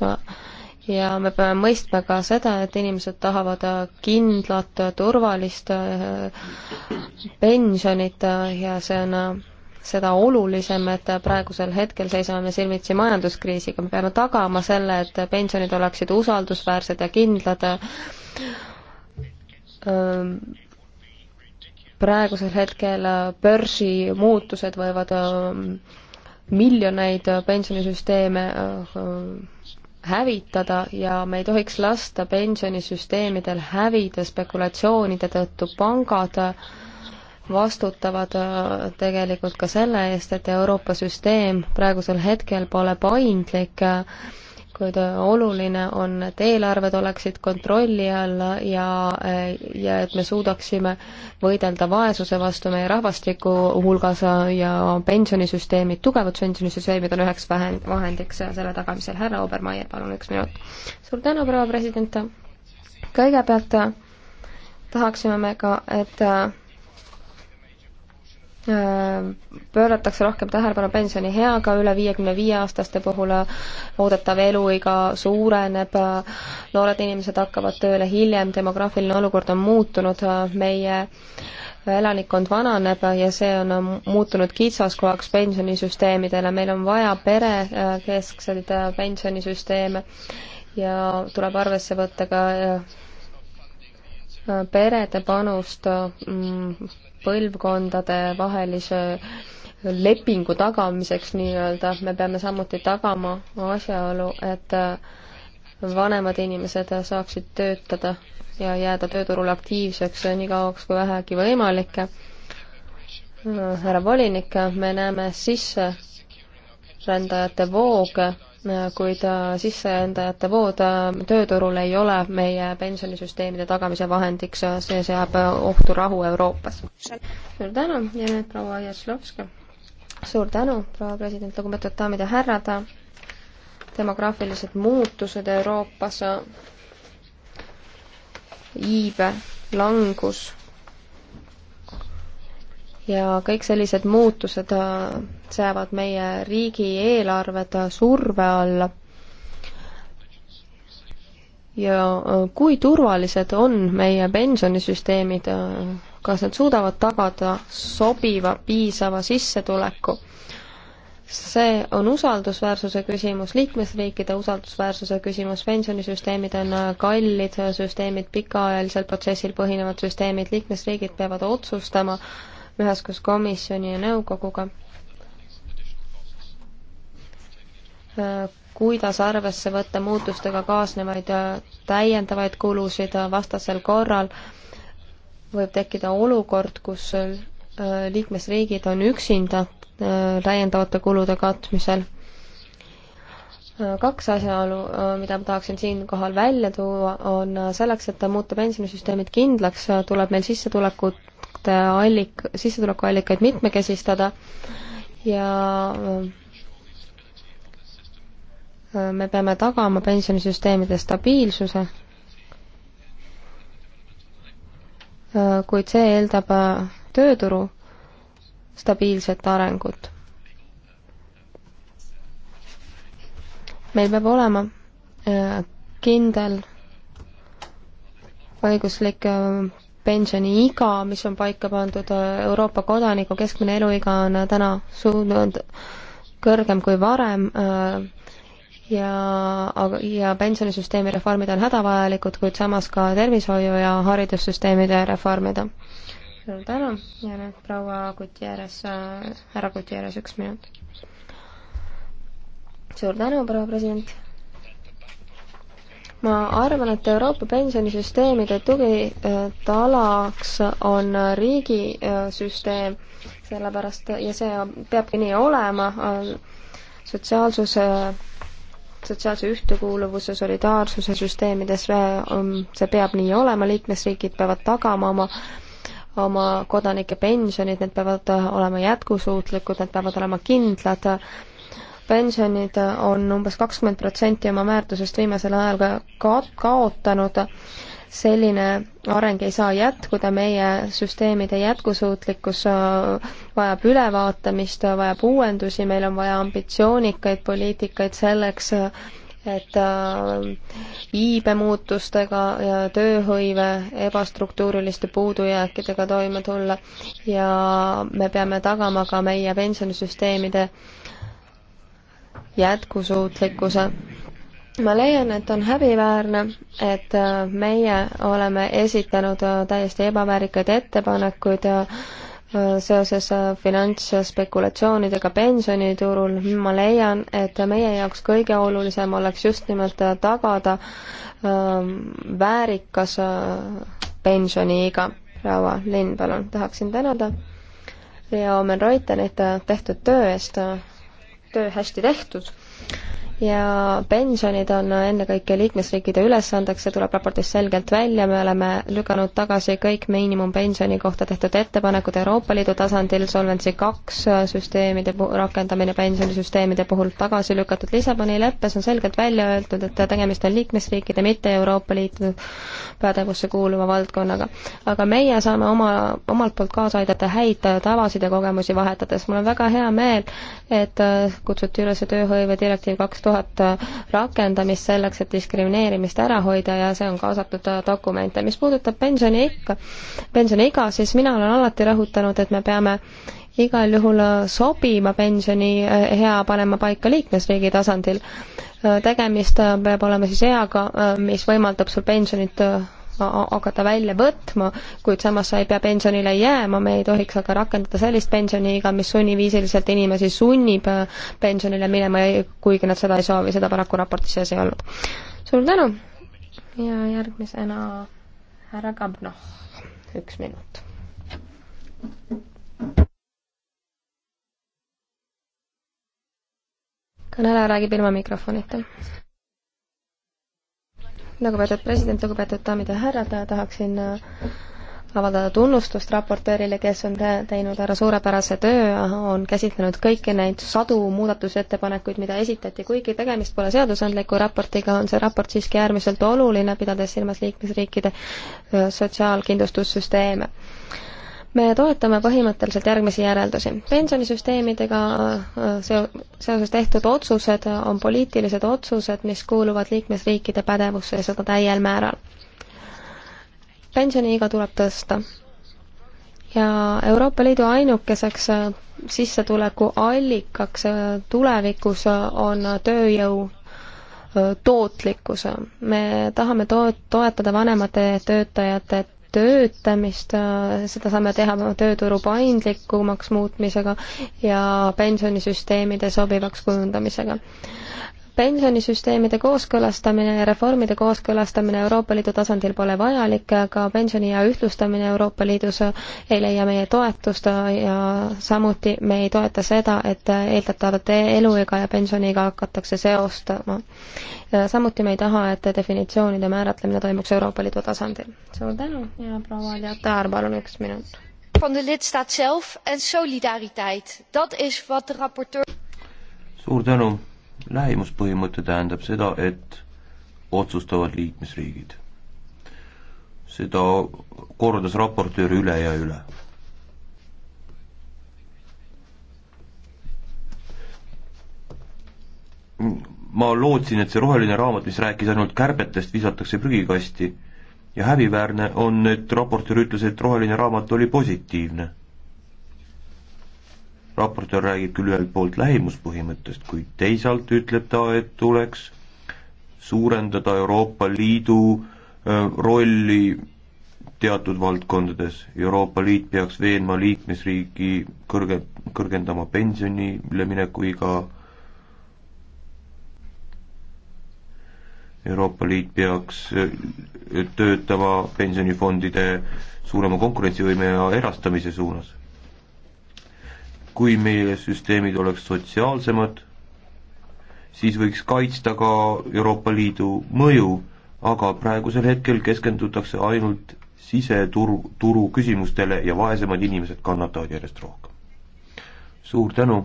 ja me peame mõistma ka seda, et inimesed tahavad kindlat, turvalist eh, pensionit ja see on eh, seda olulisem, et praegusel hetkel seisame silmitsi majanduskriisiga, me peame tagama selle, et pensionid oleksid usaldusväärsed ja kindlad. Ähm, praegusel hetkel börsi muutused võivad ähm, miljoneid pensionisüsteeme äh, hävitada ja me ei tohiks lasta pensionisüsteemidel hävida spekulatsioonide tõttu. pangad vastutavad äh, tegelikult ka selle eest, et Euroopa süsteem praegusel hetkel pole paindlik äh, kuid äh, oluline on, et eelarved oleksid kontrolli all ja, äh, ja et me suudaksime võidelda vaesuse vastu meie rahvastiku hulgas ja pensionisüsteemid, tugevad pensionisüsteemid on üheks vähend, vahendiks selle tagamisel. härra Obermaier, palun üks minut. suur tänu, proua president! kõigepealt äh, tahaksime me ka, et Äh, pööratakse rohkem tähelepanu pensioni heaga, üle viiekümne viie aastaste puhul oodatav äh, eluiga suureneb, äh, noored inimesed hakkavad tööle hiljem, demograafiline olukord on muutunud, meie elanikkond vananeb ja see on muutunud kitsaskohaks pensionisüsteemidele, meil on vaja perekeskseid pensionisüsteeme ja tuleb arvesse võtta ka perede panust mm, põlvkondade vahelise lepingu tagamiseks nii-öelda, me peame samuti tagama asjaolu, et vanemad inimesed saaksid töötada ja jääda tööturul aktiivseks nii kauaks kui vähegi võimalik. härra volinik, me näeme sisserändajate vooge kuid äh, sisserändajate vood äh, tööturul ei ole meie pensionisüsteemide tagamise vahendiks, äh, see seab ohtu rahu Euroopas. suur tänu ja nüüd proua Jaslovska. suur tänu, proua president, lugupeetud daamid ja härrad. demograafilised muutused Euroopas, iibe langus ja kõik sellised muutused äh, seavad meie riigieelarved äh, surve alla. ja äh, kui turvalised on meie pensionisüsteemid, kas need suudavad tagada sobiva, piisava sissetuleku? see on usaldusväärsuse küsimus, liikmesriikide usaldusväärsuse küsimus, pensionisüsteemid on kallid süsteemid, pikaajalisel protsessil põhinevad süsteemid, liikmesriigid peavad otsustama äh, üheskoos komisjoni ja nõukoguga. Äh, kuidas arvesse võtta muutustega kaasnevaid äh, täiendavaid kulusid, äh, vastasel korral võib tekkida olukord, kus liikmesriigid on üksinda täiendavate kulude katmisel. kaks asjaolu, mida ma tahaksin siinkohal välja tuua, on selleks, et muuta pensionisüsteemid kindlaks, tuleb meil sissetulekut sissetulekute allik-, sissetulekuallikaid mitmekesistada ja äh, me peame tagama pensionisüsteemide stabiilsuse, äh, kuid see eeldab äh, tööturu stabiilset arengut. meil peab olema kindel õiguslik pensioniiga, mis on paika pandud, äh, Euroopa kodaniku keskmine eluiga on äh, täna suutnud kõrgem kui varem äh, ja, ja pensionisüsteemi reformid on hädavajalikud, kuid samas ka tervishoiu- ja haridussüsteemide reformida. suur tänu ja nüüd proua Gutierrez, härra Gutierrez, üks minut. suur tänu, proua president ma arvan, et Euroopa pensionisüsteemide tugitalaks on riigisüsteem, äh, sellepärast, ja see peabki nii olema, äh, sotsiaalsuse, äh, sotsiaalse ühtekuuluvuse, solidaarsuse süsteemides um, see peab nii olema, liikmesriigid peavad tagama oma oma kodanike pensionid, need peavad olema jätkusuutlikud, need peavad olema kindlad pensionid on umbes kakskümmend protsenti oma väärtusest viimasel ajal ka kaotanud. selline areng ei saa jätkuda, meie süsteemide jätkusuutlikkus äh, vajab ülevaatamist, vajab uuendusi, meil on vaja ambitsioonikaid poliitikaid selleks, et äh, iibemuutustega ja tööhõive ebastruktuuriliste puudujääkidega toime tulla ja me peame tagama ka meie pensionisüsteemide äh, jätkusuutlikkuse. ma leian, et on häbiväärne, et äh, meie oleme esitanud äh, täiesti ebaväärikaid ettepanekuid äh, seoses finantsspekulatsioonidega pensioniturul, ma leian, et meie jaoks kõige olulisem oleks just nimelt tagada ähm, väärikas pensioniiga. proua Linn, palun, tahaksin tänada Riia Omen-Reutenit tehtud töö eest töö hästi tehtud ja pensionid on ennekõike liikmesriikide ülesandeks, see tuleb raportis selgelt välja, me oleme lükanud tagasi kõik miinimumpensioni kohta tehtud ettepanekud Euroopa Liidu tasandil, Solvency kaks süsteemide rakendamine pensionisüsteemide puhul tagasi lükatud. Lissaboni leppes on selgelt välja öeldud, et tegemist on liikmesriikide, mitte Euroopa Liidu pädevusse kuuluva valdkonnaga. aga meie saame oma, omalt poolt kaasa aidata häid tavasid ja kogemusi vahetades. mul on väga hea meel, et kutsuti üles tööhõive direktiiv kaks tuhat tuhat rakendamist selleks, et diskrimineerimist ära hoida ja see on kaasatud dokumente. mis puudutab pensioniikka, pensioniiga, siis mina olen alati rõhutanud, et me peame igal juhul sobima pensioni hea panema paika liikmesriigi tasandil. tegemist peab olema siis eaga, mis võimaldab sul pensionit hakata välja võtma, kuid samas sa ei pea pensionile jääma, me ei tohiks aga rakendada sellist pensioniiga, mis sunniviisiliselt inimesi sunnib äh, pensionile minema, kuigi nad seda ei soovi, seda paraku raportis sees ei olnud. suur tänu ja järgmisena härra Kabnoh, üks minut. kõneleja räägib ilma mikrofonita lugupeetud president, lugupeetud daamid ja härrad, tahaksin äh, avaldada tunnustust raportöörile, kes on teinud ära suurepärase töö, on käsitlenud kõiki neid sadu muudatusettepanekuid, mida esitati, kuigi tegemist pole seadusandliku raportiga, on see raport siiski äärmiselt oluline, pidades silmas liikmesriikide äh, sotsiaalkindlustussüsteeme me toetame põhimõtteliselt järgmisi järeldusi. pensionisüsteemidega äh, seoses tehtud otsused on poliitilised otsused, mis kuuluvad liikmesriikide pädevusse ja seda täiel määral. pensioniiga tuleb tõsta. ja Euroopa Liidu ainukeseks äh, sissetuleku allikaks äh, tulevikus on tööjõu tootlikkus. me tahame to-, toetada vanemate töötajate töötamist, seda saame teha tööturu paindlikumaks muutmisega ja pensionisüsteemide sobivaks kujundamisega pensionisüsteemide kooskõlastamine ja reformide kooskõlastamine Euroopa Liidu tasandil pole vajalik, aga pensioniea ühtlustamine Euroopa Liidus ei leia meie toetust ja samuti me ei toeta seda, et eeldatavat eluiga ja pensioniiga hakatakse seostama. samuti me ei taha, et definitsioonide määratlemine toimuks Euroopa Liidu tasandil. suur tänu ja proua Aljataar, palun üks minut. van de lidstaat zelf en solidariteit, dat is wat de rapporteur suur tänu lähimuspõhimõte tähendab seda, et otsustavad liikmesriigid. seda kordas raportöör üle ja üle. ma lootsin, et see roheline raamat, mis rääkis ainult kärbetest, visatakse prügikasti ja häbiväärne on, et raportöör ütles, et roheline raamat oli positiivne raportöör räägib küll ühelt poolt lähimuspõhimõttest, kuid teisalt ütleb ta, et tuleks suurendada Euroopa Liidu rolli teatud valdkondades. Euroopa Liit peaks veenma liikmesriigi kõrge, kõrgendama pensionile minekuiga. Euroopa Liit peaks töötama pensionifondide suurema konkurentsivõime ja erastamise suunas kui meie süsteemid oleks sotsiaalsemad, siis võiks kaitsta ka Euroopa Liidu mõju, aga praegusel hetkel keskendutakse ainult siseturu, turu küsimustele ja vaesemad inimesed kannatavad järjest rohkem. suur tänu,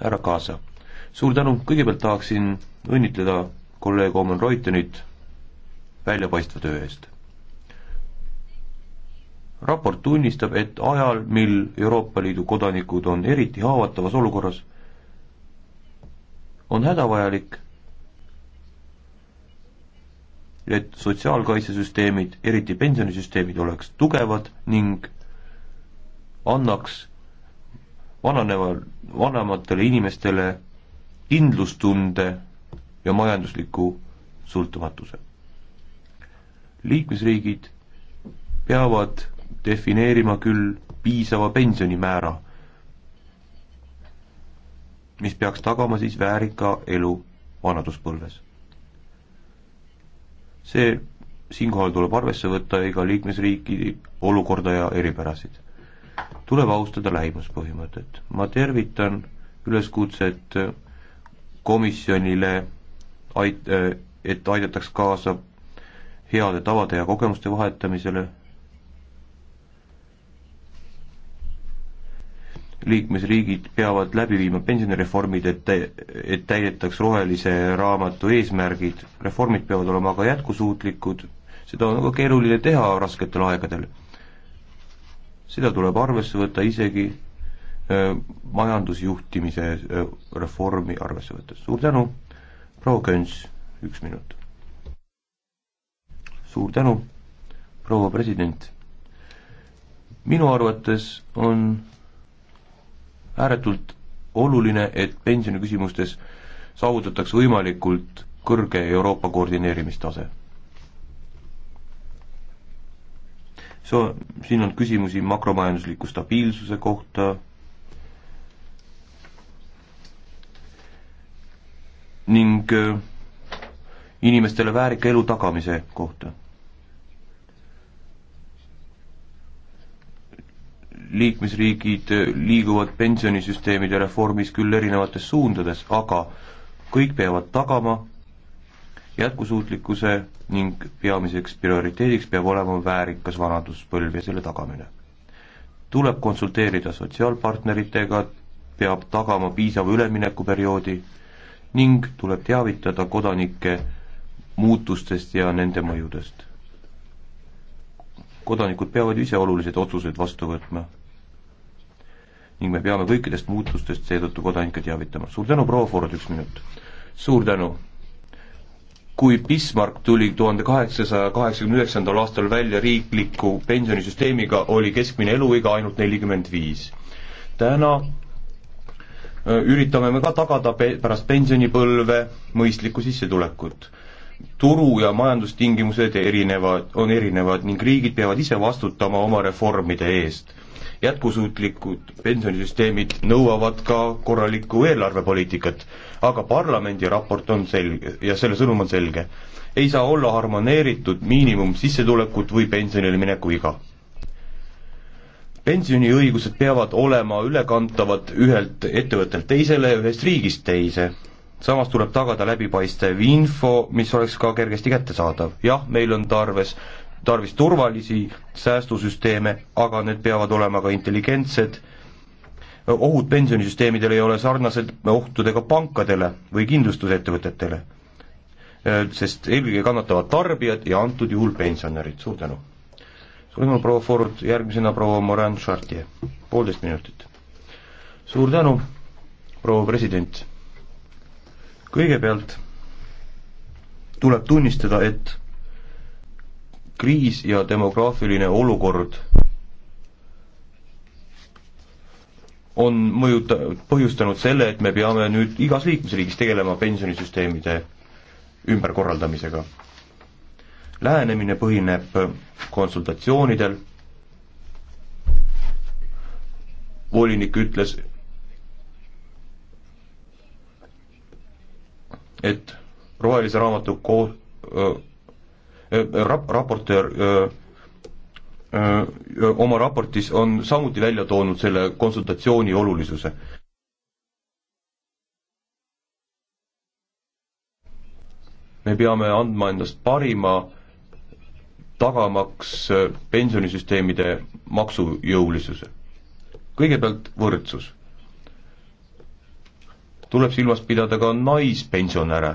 härra Kaasa. suur tänu, kõigepealt tahaksin õnnitleda kolleeg Oman Reutenit väljapaistva töö eest raport tunnistab, et ajal, mil Euroopa Liidu kodanikud on eriti haavatavas olukorras, on hädavajalik, et sotsiaalkaitsesüsteemid, eriti pensionisüsteemid, oleks tugevad ning annaks vananeval, vanematele inimestele kindlustunde ja majandusliku sõltumatuse. liikmesriigid peavad defineerima küll piisava pensionimäära, mis peaks tagama siis väärika elu vanaduspõlves. see siinkohal tuleb arvesse võtta iga liikmesriigi olukorda ja eripärasid. tuleb austada lähimuspõhimõtet. ma tervitan üleskutset komisjonile ait-, et aidataks kaasa heade tavade ja kogemuste vahetamisele liikmesriigid peavad läbi viima pensionireformid, et, et täidetaks rohelise raamatu eesmärgid, reformid peavad olema aga jätkusuutlikud, seda on väga keeruline teha rasketel aegadel. seda tuleb arvesse võtta isegi öö, majandusjuhtimise öö, reformi arvesse võttes. suur tänu, proua Köns, üks minut. suur tänu, proua president. minu arvates on ääretult oluline, et pensioniküsimustes saavutatakse võimalikult kõrge Euroopa koordineerimistase. see on, siin on küsimusi makromajandusliku stabiilsuse kohta, ning äh, inimestele väärika elu tagamise kohta liikmesriigid liiguvad pensionisüsteemide reformis küll erinevates suundades, aga kõik peavad tagama jätkusuutlikkuse ning peamiseks prioriteediks peab olema väärikas vanaduspõlv ja selle tagamine. tuleb konsulteerida sotsiaalpartneritega, peab tagama piisava üleminekuperioodi ning tuleb teavitada kodanikke muutustest ja nende mõjudest kodanikud peavad ise olulised otsused vastu võtma. ning me peame kõikidest muutustest seetõttu kodanikke teavitama. suur tänu, proua Ford, üks minut. suur tänu. kui Bismarck tuli tuhande kaheksasaja kaheksakümne üheksandal aastal välja riikliku pensionisüsteemiga, oli keskmine eluiga ainult nelikümmend viis. täna äh, üritame me ka tagada pe-, pärast pensionipõlve mõistlikku sissetulekut turu- ja majandustingimused erinevad, on erinevad ning riigid peavad ise vastutama oma reformide eest. jätkusuutlikud pensionisüsteemid nõuavad ka korralikku eelarvepoliitikat, aga parlamendi raport on selge ja selle sõnum on selge. ei saa olla harmoneeritud miinimumsissetulekut või pensionile mineku iga. pensioniõigused peavad olema ülekantavad ühelt ettevõttelt teisele ja ühest riigist teise samas tuleb tagada läbipaistev info, mis oleks ka kergesti kättesaadav. jah, meil on tarves, tarvis turvalisi säästusüsteeme, aga need peavad olema ka intelligentsed, ohud pensionisüsteemidel ei ole sarnased ohtudega pankadele või kindlustusettevõtetele, sest eelkõige kannatavad tarbijad ja antud juhul pensionärid, suur tänu. suur tänu, proua Ford, järgmisena proua Morin Chartier, poolteist minutit. suur tänu, proua president kõigepealt tuleb tunnistada, et kriis ja demograafiline olukord on mõjuta-, põhjustanud selle, et me peame nüüd igas liikmesriigis tegelema pensionisüsteemide ümberkorraldamisega. lähenemine põhineb konsultatsioonidel, volinik ütles, et rohelise raamatu ko- äh,, rap-, raportöör äh, äh, oma raportis on samuti välja toonud selle konsultatsiooni olulisuse. me peame andma endast parima, tagamaks pensionisüsteemide maksujõulisuse. kõigepealt võrdsus tuleb silmas pidada ka naispensionäre.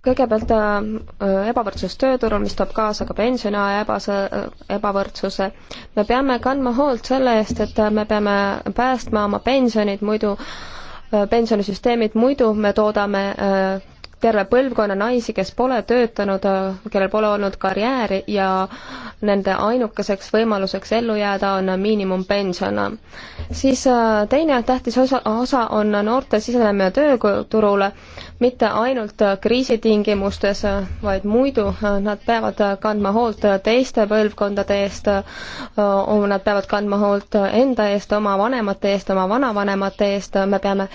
kõigepealt äh, ebavõrdsus tööturul, mis toob kaasa ka pensioniaja ebase-, ebavõrdsuse. me peame kandma hoolt selle eest, et me peame päästma oma pensionid, muidu äh, pensionisüsteemid, muidu me toodame äh, terve põlvkonna naisi, kes pole töötanud, kellel pole olnud karjääri ja nende ainukeseks võimaluseks ellu jääda on miinimumpension. siis äh, teine tähtis osa, osa on noorte sisenemine tööturule, mitte ainult kriisitingimustes, vaid muidu äh, nad peavad kandma hoolt teiste põlvkondade eest, äh, nad peavad kandma hoolt enda eest, oma vanemate eest, oma vanavanemate eest, me peame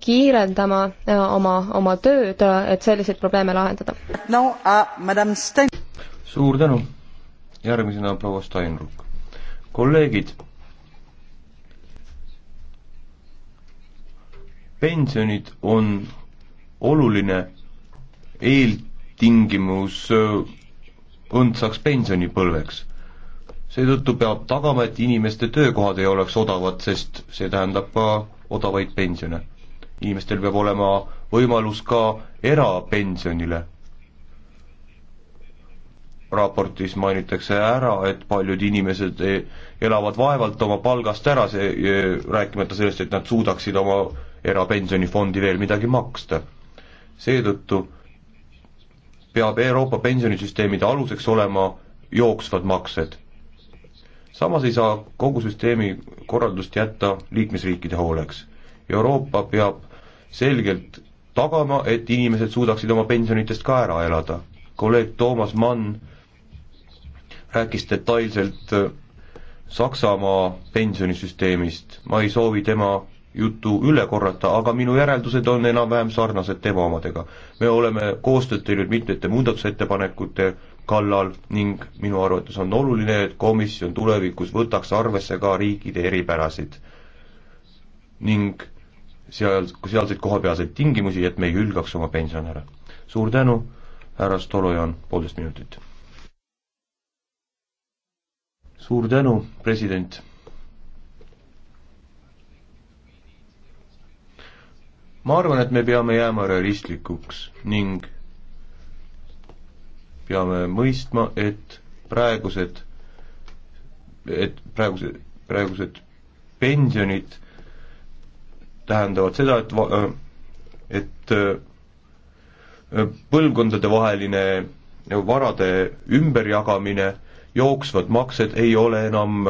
kiirendama oma, oma tööd, koostööd, äh, et selliseid probleeme lahendada no,. Uh, suur tänu. järgmisena proua Steinruck. kolleegid, pensionid on oluline eeltingimus äh, õndsaks pensionipõlveks. seetõttu peab tagama, et inimeste töökohad ei oleks odavad, sest see tähendab ka odavaid pensione inimestel peab olema võimalus ka erapensionile. raportis mainitakse ära, et paljud inimesed e- elavad vaevalt oma palgast ära, see, e- rääkimata sellest, et nad suudaksid oma erapensionifondi veel midagi maksta. seetõttu peab Euroopa pensionisüsteemide aluseks olema jooksvad maksed. samas ei saa kogu süsteemi korraldust jätta liikmesriikide hooleks. Euroopa peab selgelt tagama, et inimesed suudaksid oma pensionitest ka ära elada. kolleeg Toomas Mann rääkis detailselt äh, Saksamaa pensionisüsteemist, ma ei soovi tema juttu üle korrata, aga minu järeldused on enam-vähem sarnased tema omadega. me oleme koostööd teinud mitmete muudatusettepanekute kallal ning minu arvates on oluline, et komisjon tulevikus võtaks arvesse ka riikide eripärasid. ning seal, sealseid kohapealseid tingimusi, et me ei hülgaks oma pensionäre. suur tänu, härra Stolojan, poolteist minutit. suur tänu, president. ma arvan, et me peame jääma realistlikuks ning peame mõistma, et praegused, et praegused, praegused pensionid tähendavad seda, et va-, äh, et äh, põlvkondadevaheline äh, varade ümberjagamine, jooksvad maksed ei ole enam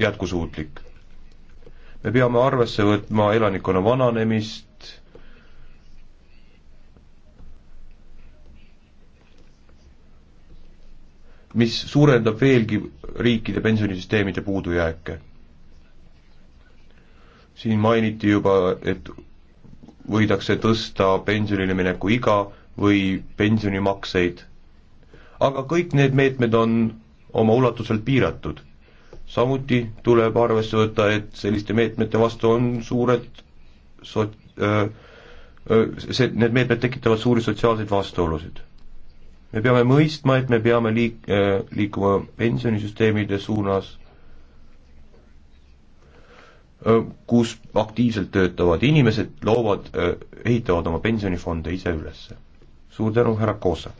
jätkusuutlik. me peame arvesse võtma elanikkonna vananemist, mis suurendab veelgi riikide pensionisüsteemide puudujääke siin mainiti juba, et võidakse tõsta pensionile mineku iga või pensionimakseid, aga kõik need meetmed on oma ulatuselt piiratud. samuti tuleb arvesse võtta, et selliste meetmete vastu on suured sot-, see, need meetmed tekitavad suuri sotsiaalseid vastuolusid. me peame mõistma, et me peame liik-, liikuma pensionisüsteemide suunas kus aktiivselt töötavad inimesed loovad, ehitavad oma pensionifonde ise üles. suur tänu, härra Koosa!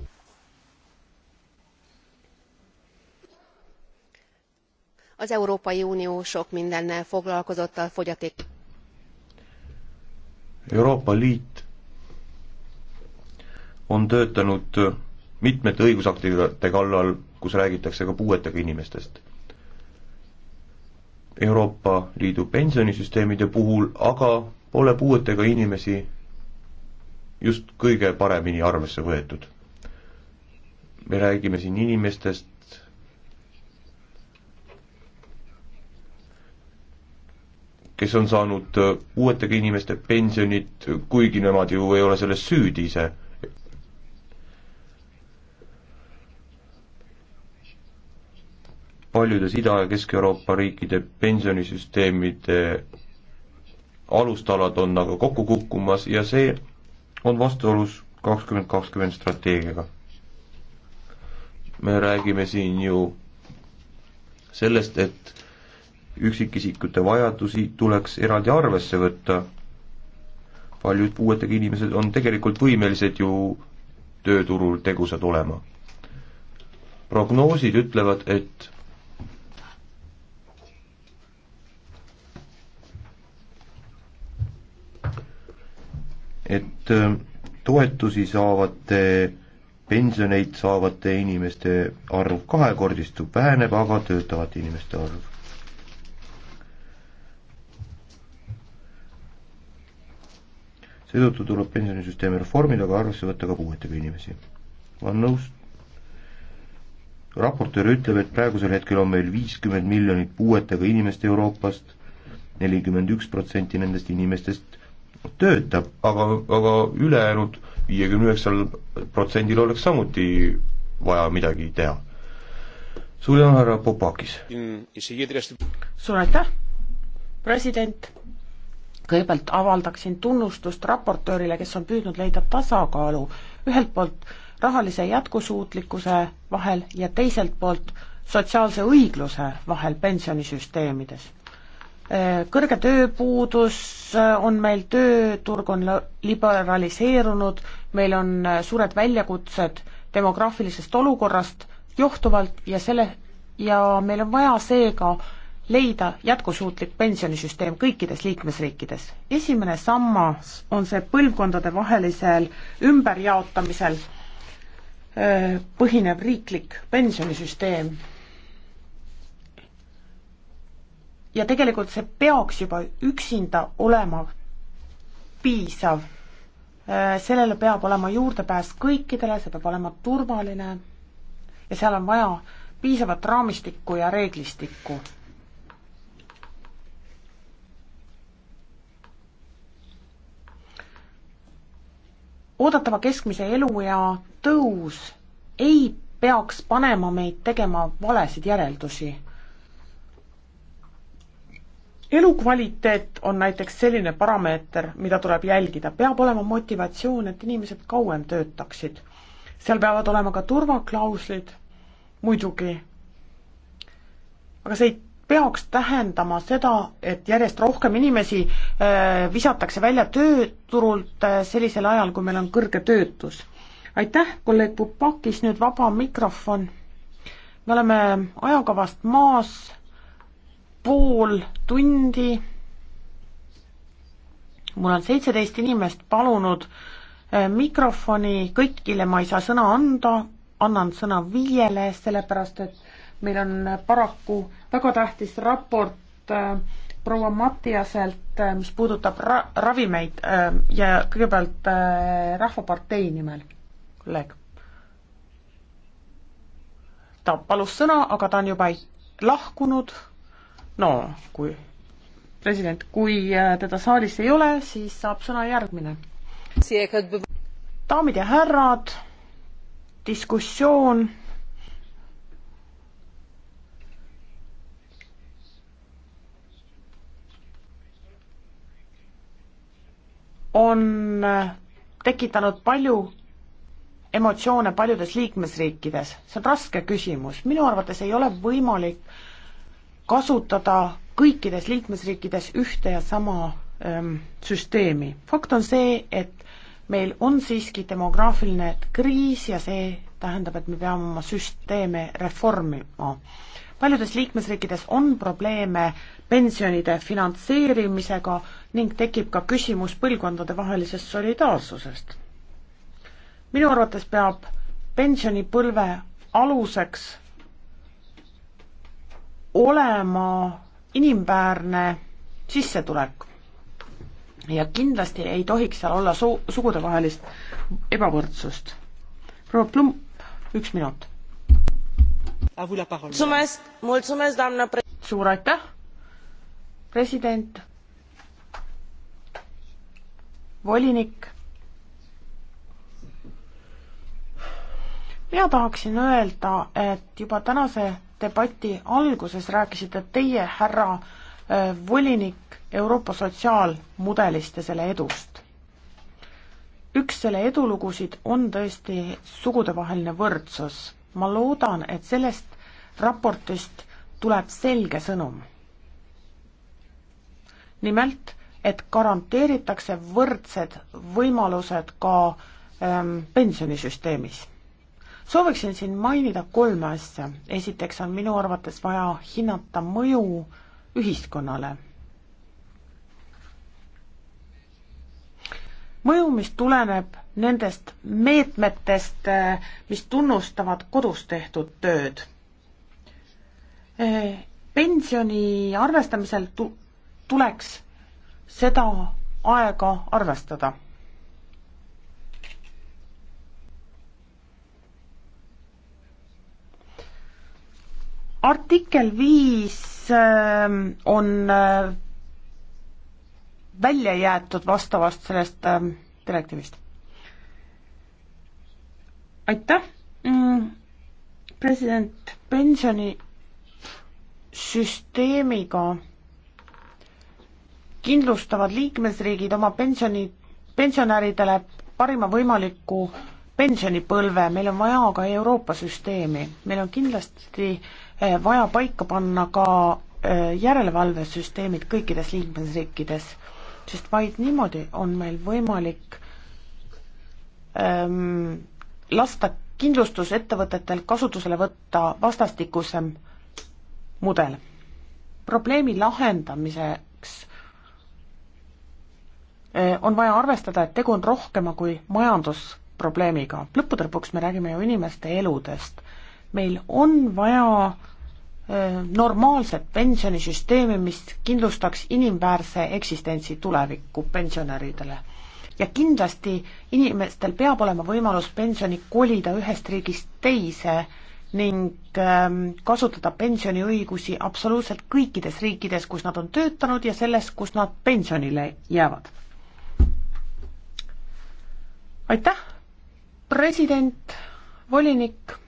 az Európai Unió sok mindennel foglalkozott a fogyaték. Euroopa Liit on töötanud mitmete õigusaktide kallal, kus räägitakse ka puuetega inimestest Euroopa Liidu pensionisüsteemide puhul, aga pole puuetega inimesi just kõige paremini arvesse võetud. me räägime siin inimestest, kes on saanud puuetega inimeste pensionit, kuigi nemad ju ei ole selles süüdi ise paljudes Ida- ja Kesk-Euroopa riikide pensionisüsteemide alustalad on aga kokku kukkumas ja see on vastuolus kakskümmend kakskümmend strateegiaga. me räägime siin ju sellest, et üksikisikute vajadusi tuleks eraldi arvesse võtta. paljud puuetega inimesed on tegelikult võimelised ju tööturul tegusad olema. prognoosid ütlevad, et et äh, toetusi saavate, pensioneid saavate inimeste arv kahekordistub, väheneb aga töötavate inimeste arv. seetõttu tuleb pensionisüsteemi reformida, aga arvesse võtta ka puuetega inimesi. ma olen nõus raportöör ütleb, et praegusel hetkel on meil viiskümmend miljonit puuetega inimest Euroopast, nelikümmend üks protsenti nendest inimestest töötab, aga, aga ülejäänud viiekümne üheksal protsendil oleks samuti vaja midagi teha. suur tänu, härra Popakis! suur aitäh, president! kõigepealt avaldaksin tunnustust raportöörile, kes on püüdnud leida tasakaalu ühelt poolt rahalise jätkusuutlikkuse vahel ja teiselt poolt sotsiaalse õigluse vahel pensionisüsteemides Äh, kõrge tööpuudus äh, on meil, tööturg on liberaliseerunud, meil on äh, suured väljakutsed demograafilisest olukorrast johtuvalt ja selle, ja meil on vaja seega leida jätkusuutlik pensionisüsteem kõikides liikmesriikides. esimene sammas on see põlvkondadevahelisel ümberjaotamisel põhinev riiklik pensionisüsteem ja tegelikult see peaks juba üksinda olema piisav. Äh, sellele peab olema juurdepääs kõikidele, see peab olema turvaline ja seal on vaja piisavat raamistikku ja reeglistikku. oodatava keskmise eluea tõus ei peaks panema meid tegema valesid järeldusi elukvaliteet on näiteks selline parameeter, mida tuleb jälgida, peab olema motivatsioon, et inimesed kauem töötaksid. seal peavad olema ka turvaklauslid, muidugi. aga see ei peaks tähendama seda, et järjest rohkem inimesi äh, visatakse välja tööturult äh, sellisel ajal, kui meil on kõrge töötus. aitäh, kolleeg Pupakis, nüüd vaba mikrofon. me oleme ajakavast maas pool tundi. mul on seitseteist inimest palunud eh, mikrofoni, kõikile ma ei saa sõna anda, annan sõna viiele, sellepärast et meil on paraku väga tähtis raport äh, proua Mattiaselt äh,, mis puudutab ra-, ravimeid äh, ja kõigepealt Rahvapartei nimel, kolleeg. ta palus sõna, aga ta on juba lahkunud no kui president, kui äh, teda saalis ei ole, siis saab sõna järgmine. daamid ja härrad, diskussioon on äh, tekitanud palju emotsioone paljudes liikmesriikides, see on raske küsimus, minu arvates ei ole võimalik äh, kasutada kõikides liikmesriikides ühte ja sama ähm, süsteemi. fakt on see, et meil on siiski demograafiline kriis ja see tähendab, et me peame oma süsteeme reformima. paljudes liikmesriikides on probleeme pensionide finantseerimisega ning tekib ka küsimus põlvkondadevahelisest solidaarsusest. minu arvates peab pensionipõlve aluseks olema inimväärne sissetulek. ja kindlasti ei tohiks seal olla su-, sugudevahelist ebavõrdsust. proua Plump, üks minut. suur aitäh, president, volinik, mina tahaksin öelda, et juba tänase debati alguses rääkisite teie, härra äh, volinik, Euroopa sotsiaalmudelist ja selle edust. üks selle edulugusid on tõesti sugudevaheline võrdsus. ma loodan, et sellest raportist tuleb selge sõnum. nimelt, et garanteeritakse võrdsed võimalused ka ähm, pensionisüsteemis sooviksin siin mainida kolme asja. esiteks on minu arvates vaja hinnata mõju ühiskonnale. mõju, mis tuleneb nendest meetmetest, mis tunnustavad kodus tehtud tööd. pensioni arvestamisel tu-, tuleks seda aega arvestada artikkel viis ähm, on äh, välja jäetud vastavast sellest ähm, direktiivist. aitäh, mm, president, pensionisüsteemiga kindlustavad liikmesriigid oma pensioni, pensionäridele parima võimaliku pensionipõlve, meil on vaja ka Euroopa süsteemi, meil on kindlasti Eh, vaja paika panna ka eh, järelevalvesüsteemid kõikides liikmesriikides, sest vaid niimoodi on meil võimalik ähm, lasta kindlustusettevõtetel kasutusele võtta vastastikusem mudel. probleemi lahendamiseks eh, on vaja arvestada, et tegu on rohkema kui majandusprobleemiga. lõppude lõpuks me räägime ju inimeste eludest. meil on vaja äh, Äh, normaalset pensionisüsteemi, mis kindlustaks inimväärse eksistentsi tulevikku pensionäridele. ja kindlasti inimestel peab olema võimalus pensioni kolida ühest riigist teise ning ähm, kasutada pensioniõigusi absoluutselt kõikides riikides, kus nad on töötanud ja selles, kus nad pensionile jäävad. aitäh, president, volinik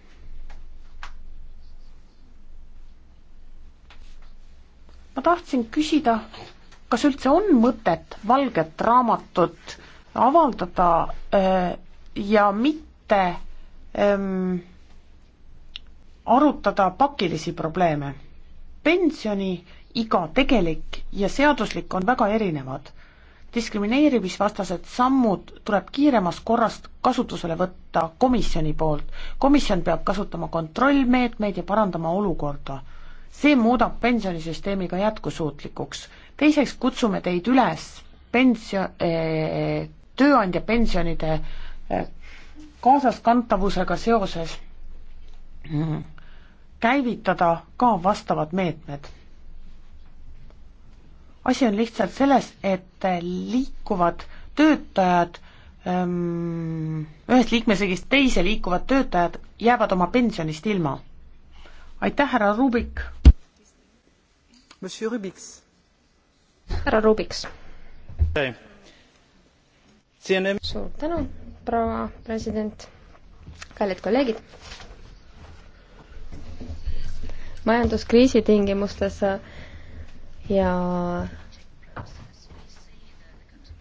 ma tahtsin küsida, kas üldse on mõtet valget raamatut avaldada öö, äh, ja mitte öö, ähm, arutada pakilisi probleeme. pensioniiga tegelik ja seaduslik on väga erinevad. diskrimineerimisvastased sammud tuleb kiiremas korras kasutusele võtta komisjoni poolt. komisjon peab kasutama kontrollmeetmeid ja parandama olukorda see muudab pensionisüsteemi ka jätkusuutlikuks. teiseks kutsume teid üles pensio- eh,, tööandja pensionide eh, kaasaskantavusega seoses mm, käivitada ka vastavad meetmed. asi on lihtsalt selles, et eh, liikuvad töötajad mm, ühest liikmesriigist teise liikuvad töötajad jäävad oma pensionist ilma. aitäh, härra Rubik! härra Rubiks. suur tänu, proua president, kallid kolleegid. majanduskriisi tingimustes äh, ja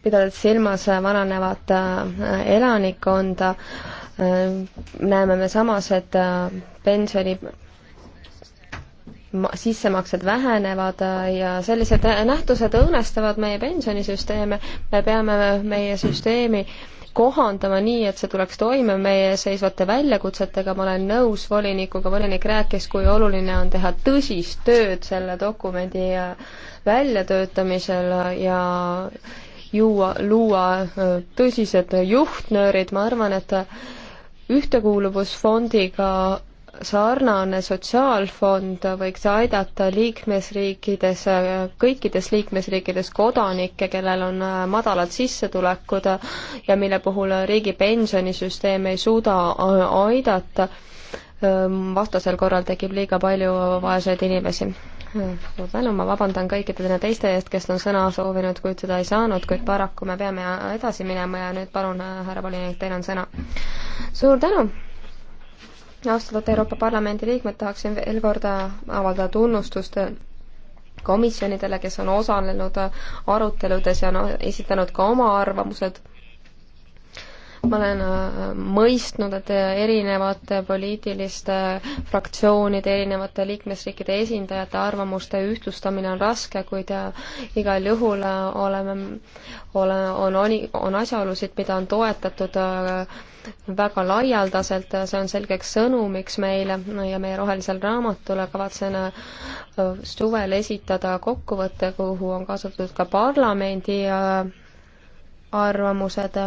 pidades silmas äh, vananevat äh, elanikkonda, näeme me samas, et pensioni sissemaksed vähenevad äh, ja sellised äh, nähtused õõnestavad meie pensionisüsteeme, me peame meie süsteemi kohandama nii, et see tuleks toime meie seisvate väljakutsetega, ma olen nõus volinikuga, volinik rääkis, kui oluline on teha tõsist tööd selle dokumendi äh, väljatöötamisel ja juua, luua tõsised juhtnöörid, ma arvan, et ühtekuuluvusfondiga sarnane sotsiaalfond võiks aidata liikmesriikides, kõikides liikmesriikides kodanikke, kellel on äh, madalad sissetulekud ja mille puhul riigi pensionisüsteem ei suuda äh, aidata, ähm, vastasel korral tekib liiga palju vaeseid inimesi. suur tänu, ma vabandan kõikide teiste eest, kes on sõna soovinud, kuid seda ei saanud, kuid paraku me peame edasi minema ja nüüd palun, äh, härra Polinik, teil on sõna. suur tänu! austatud Euroopa Parlamendi liikmed, tahaksin veel korda avaldada tunnustust komisjonidele, kes on osalenud aruteludes ja on esitanud ka oma arvamused. ma olen äh, mõistnud, et erinevate poliitiliste fraktsioonide, erinevate liikmesriikide esindajate arvamuste ühtlustamine on raske, kuid äh, igal juhul äh, oleme, ole, on, on asjaolusid, mida on toetatud äh, väga laialdaselt, see on selgeks sõnumiks meile ja meie rohelisel raamatule kavatsen äh, suvel esitada kokkuvõtte, kuhu on kaasatud ka parlamendi äh, arvamused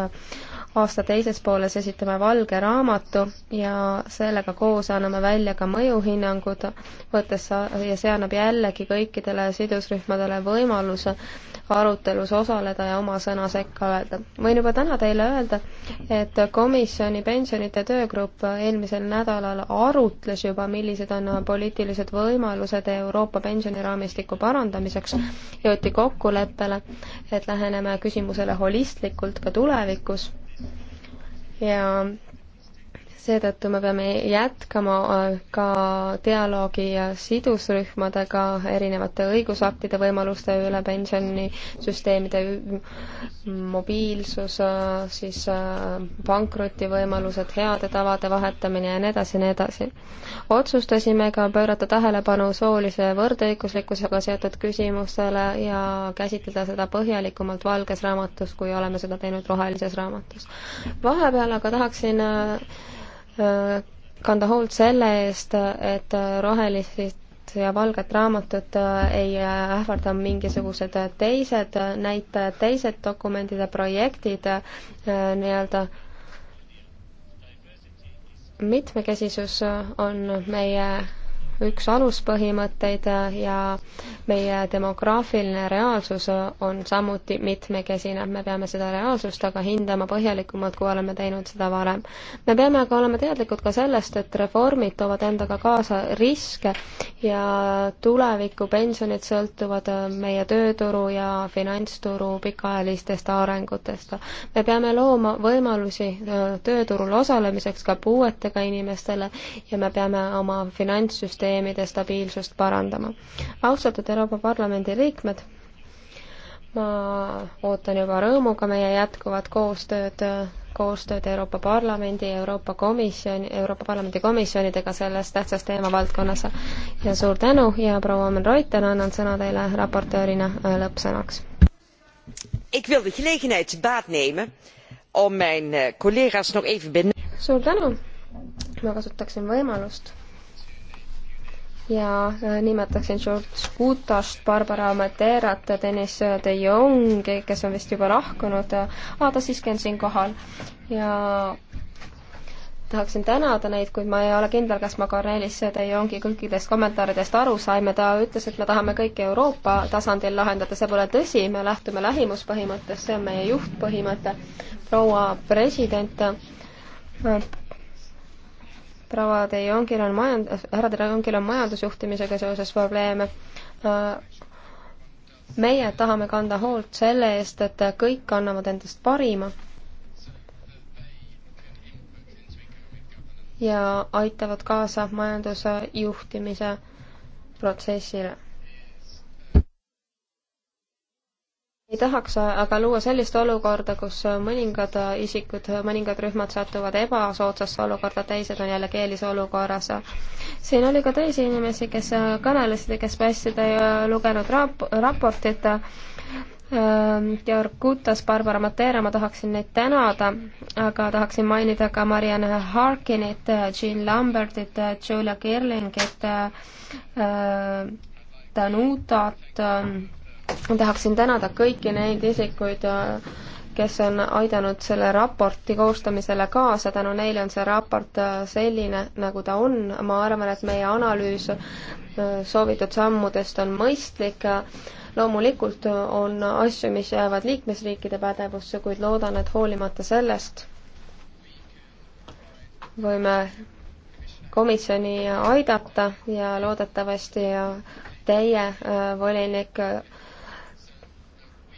aasta teises pooles esitame valge raamatu ja sellega koos anname välja ka mõjuhinnangud, võttes ja see annab jällegi kõikidele sidusrühmadele võimaluse arutelus osaleda ja oma sõna sekka öelda. võin juba täna teile öelda, et komisjoni pensionite töögrupp eelmisel nädalal arutles juba, millised on poliitilised võimalused Euroopa pensioniraamistiku parandamiseks, jõuti kokkuleppele, et läheneme küsimusele holistlikult ka tulevikus ja seetõttu me peame jätkama äh, ka dialoogi sidusrühmadega erinevate õigusaktide võimaluste üle, pensionisüsteemide mobiilsus, äh, siis äh, pankrotivõimalused, heade tavade vahetamine ja nii edasi ja nii edasi. otsustasime ka pöörata tähelepanu soolise võrdõiguslikkusega seotud küsimustele ja käsitleda seda põhjalikumalt valges raamatus, kui oleme seda teinud rohelises raamatus. vahepeal aga tahaksin Äh, kanda hoolt selle eest, et rohelist ja valget raamatut äh, ei äh, ähvarda mingisugused teised näitajad, teised dokumendid ja projektid nii-öelda mitmekesisus on meie üks aluspõhimõtteid ja meie demograafiline reaalsus on samuti mitmekesine. me peame seda reaalsust aga hindama põhjalikumalt, kui oleme teinud seda varem. me peame aga olema teadlikud ka sellest, et reformid toovad endaga kaasa riske ja tuleviku pensionid sõltuvad meie tööturu ja finantsturu pikaajalistest arengutest. me peame looma võimalusi tööturul osalemiseks ka puuetega inimestele ja me peame oma finantssüsteemi süsteemide stabiilsust parandama. austatud Euroopa Parlamendi liikmed, ma ootan juba rõõmuga meie jätkuvat koostööd, koostööd Euroopa Parlamendi, Euroopa Komisjoni, Euroopa Parlamendi komisjonidega selles tähtsas teemavaldkonnas. ja suur tänu ja proua Omen Reuten, annan sõna teile raportöörina äh, lõppsõnaks. Ik wil de gelegenheid te baat nemen om mijn äh, collega's nog even suur tänu, ma kasutaksin võimalust ja äh, nimetaksin George Kutost, Barbara Materat, Deniss de Jongi, kes on vist juba lahkunud ah,, ta siiski on siinkohal ja tahaksin tänada neid, kuid ma ei ole kindel, kas ma Cornelis de Jongi kõikidest kommentaaridest aru saime, ta ütles, et me tahame kõike Euroopa tasandil lahendada, see pole tõsi, me lähtume lähimuspõhimõttest, see on meie juhtpõhimõte. proua president proua De Jongil on majandus, härra De Jongil on majandusjuhtimisega seoses probleeme. meie tahame kanda hoolt selle eest, et kõik annavad endast parima ja aitavad kaasa majanduse juhtimise protsessile ei tahaks aga luua sellist olukorda, kus mõningad isikud, mõningad rühmad satuvad ebasoodsasse olukorda, teised on jällegi eelisolukorras. siin oli ka teisi inimesi, kes kõnelesid ja kes päästsid ja äh, lugenud rap-, raportit. Ähm, Georg Kutas, Barbara Matera, ma tahaksin neid tänada, aga tahaksin mainida ka Marianne Harkinit, Jean Lambertit, Julia Kirlingit, äh, Danutat, ähm, ma tahaksin tänada kõiki neid isikuid, kes on aidanud selle raporti koostamisele kaasa, tänu neile on see raport äh, selline, nagu ta on, ma arvan, et meie analüüs äh, soovitud sammudest on mõistlik, loomulikult on asju, mis jäävad liikmesriikide pädevusse, kuid loodan, et hoolimata sellest võime komisjoni aidata ja loodetavasti teie äh, volinik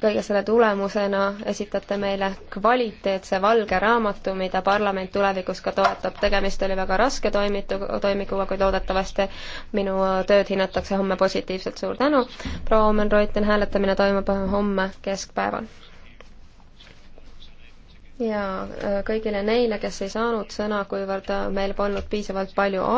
kõige selle tulemusena esitate meile kvaliteetse valge raamatu, mida parlament tulevikus ka toetab. tegemist oli väga raske toimitu, toimikuga, kuid loodetavasti minu tööd hinnatakse homme positiivselt. suur tänu, proua Omen-Reuten, hääletamine toimub homme keskpäeval. ja äh, kõigile neile, kes ei saanud sõna, kuivõrd äh, meil polnud piisavalt palju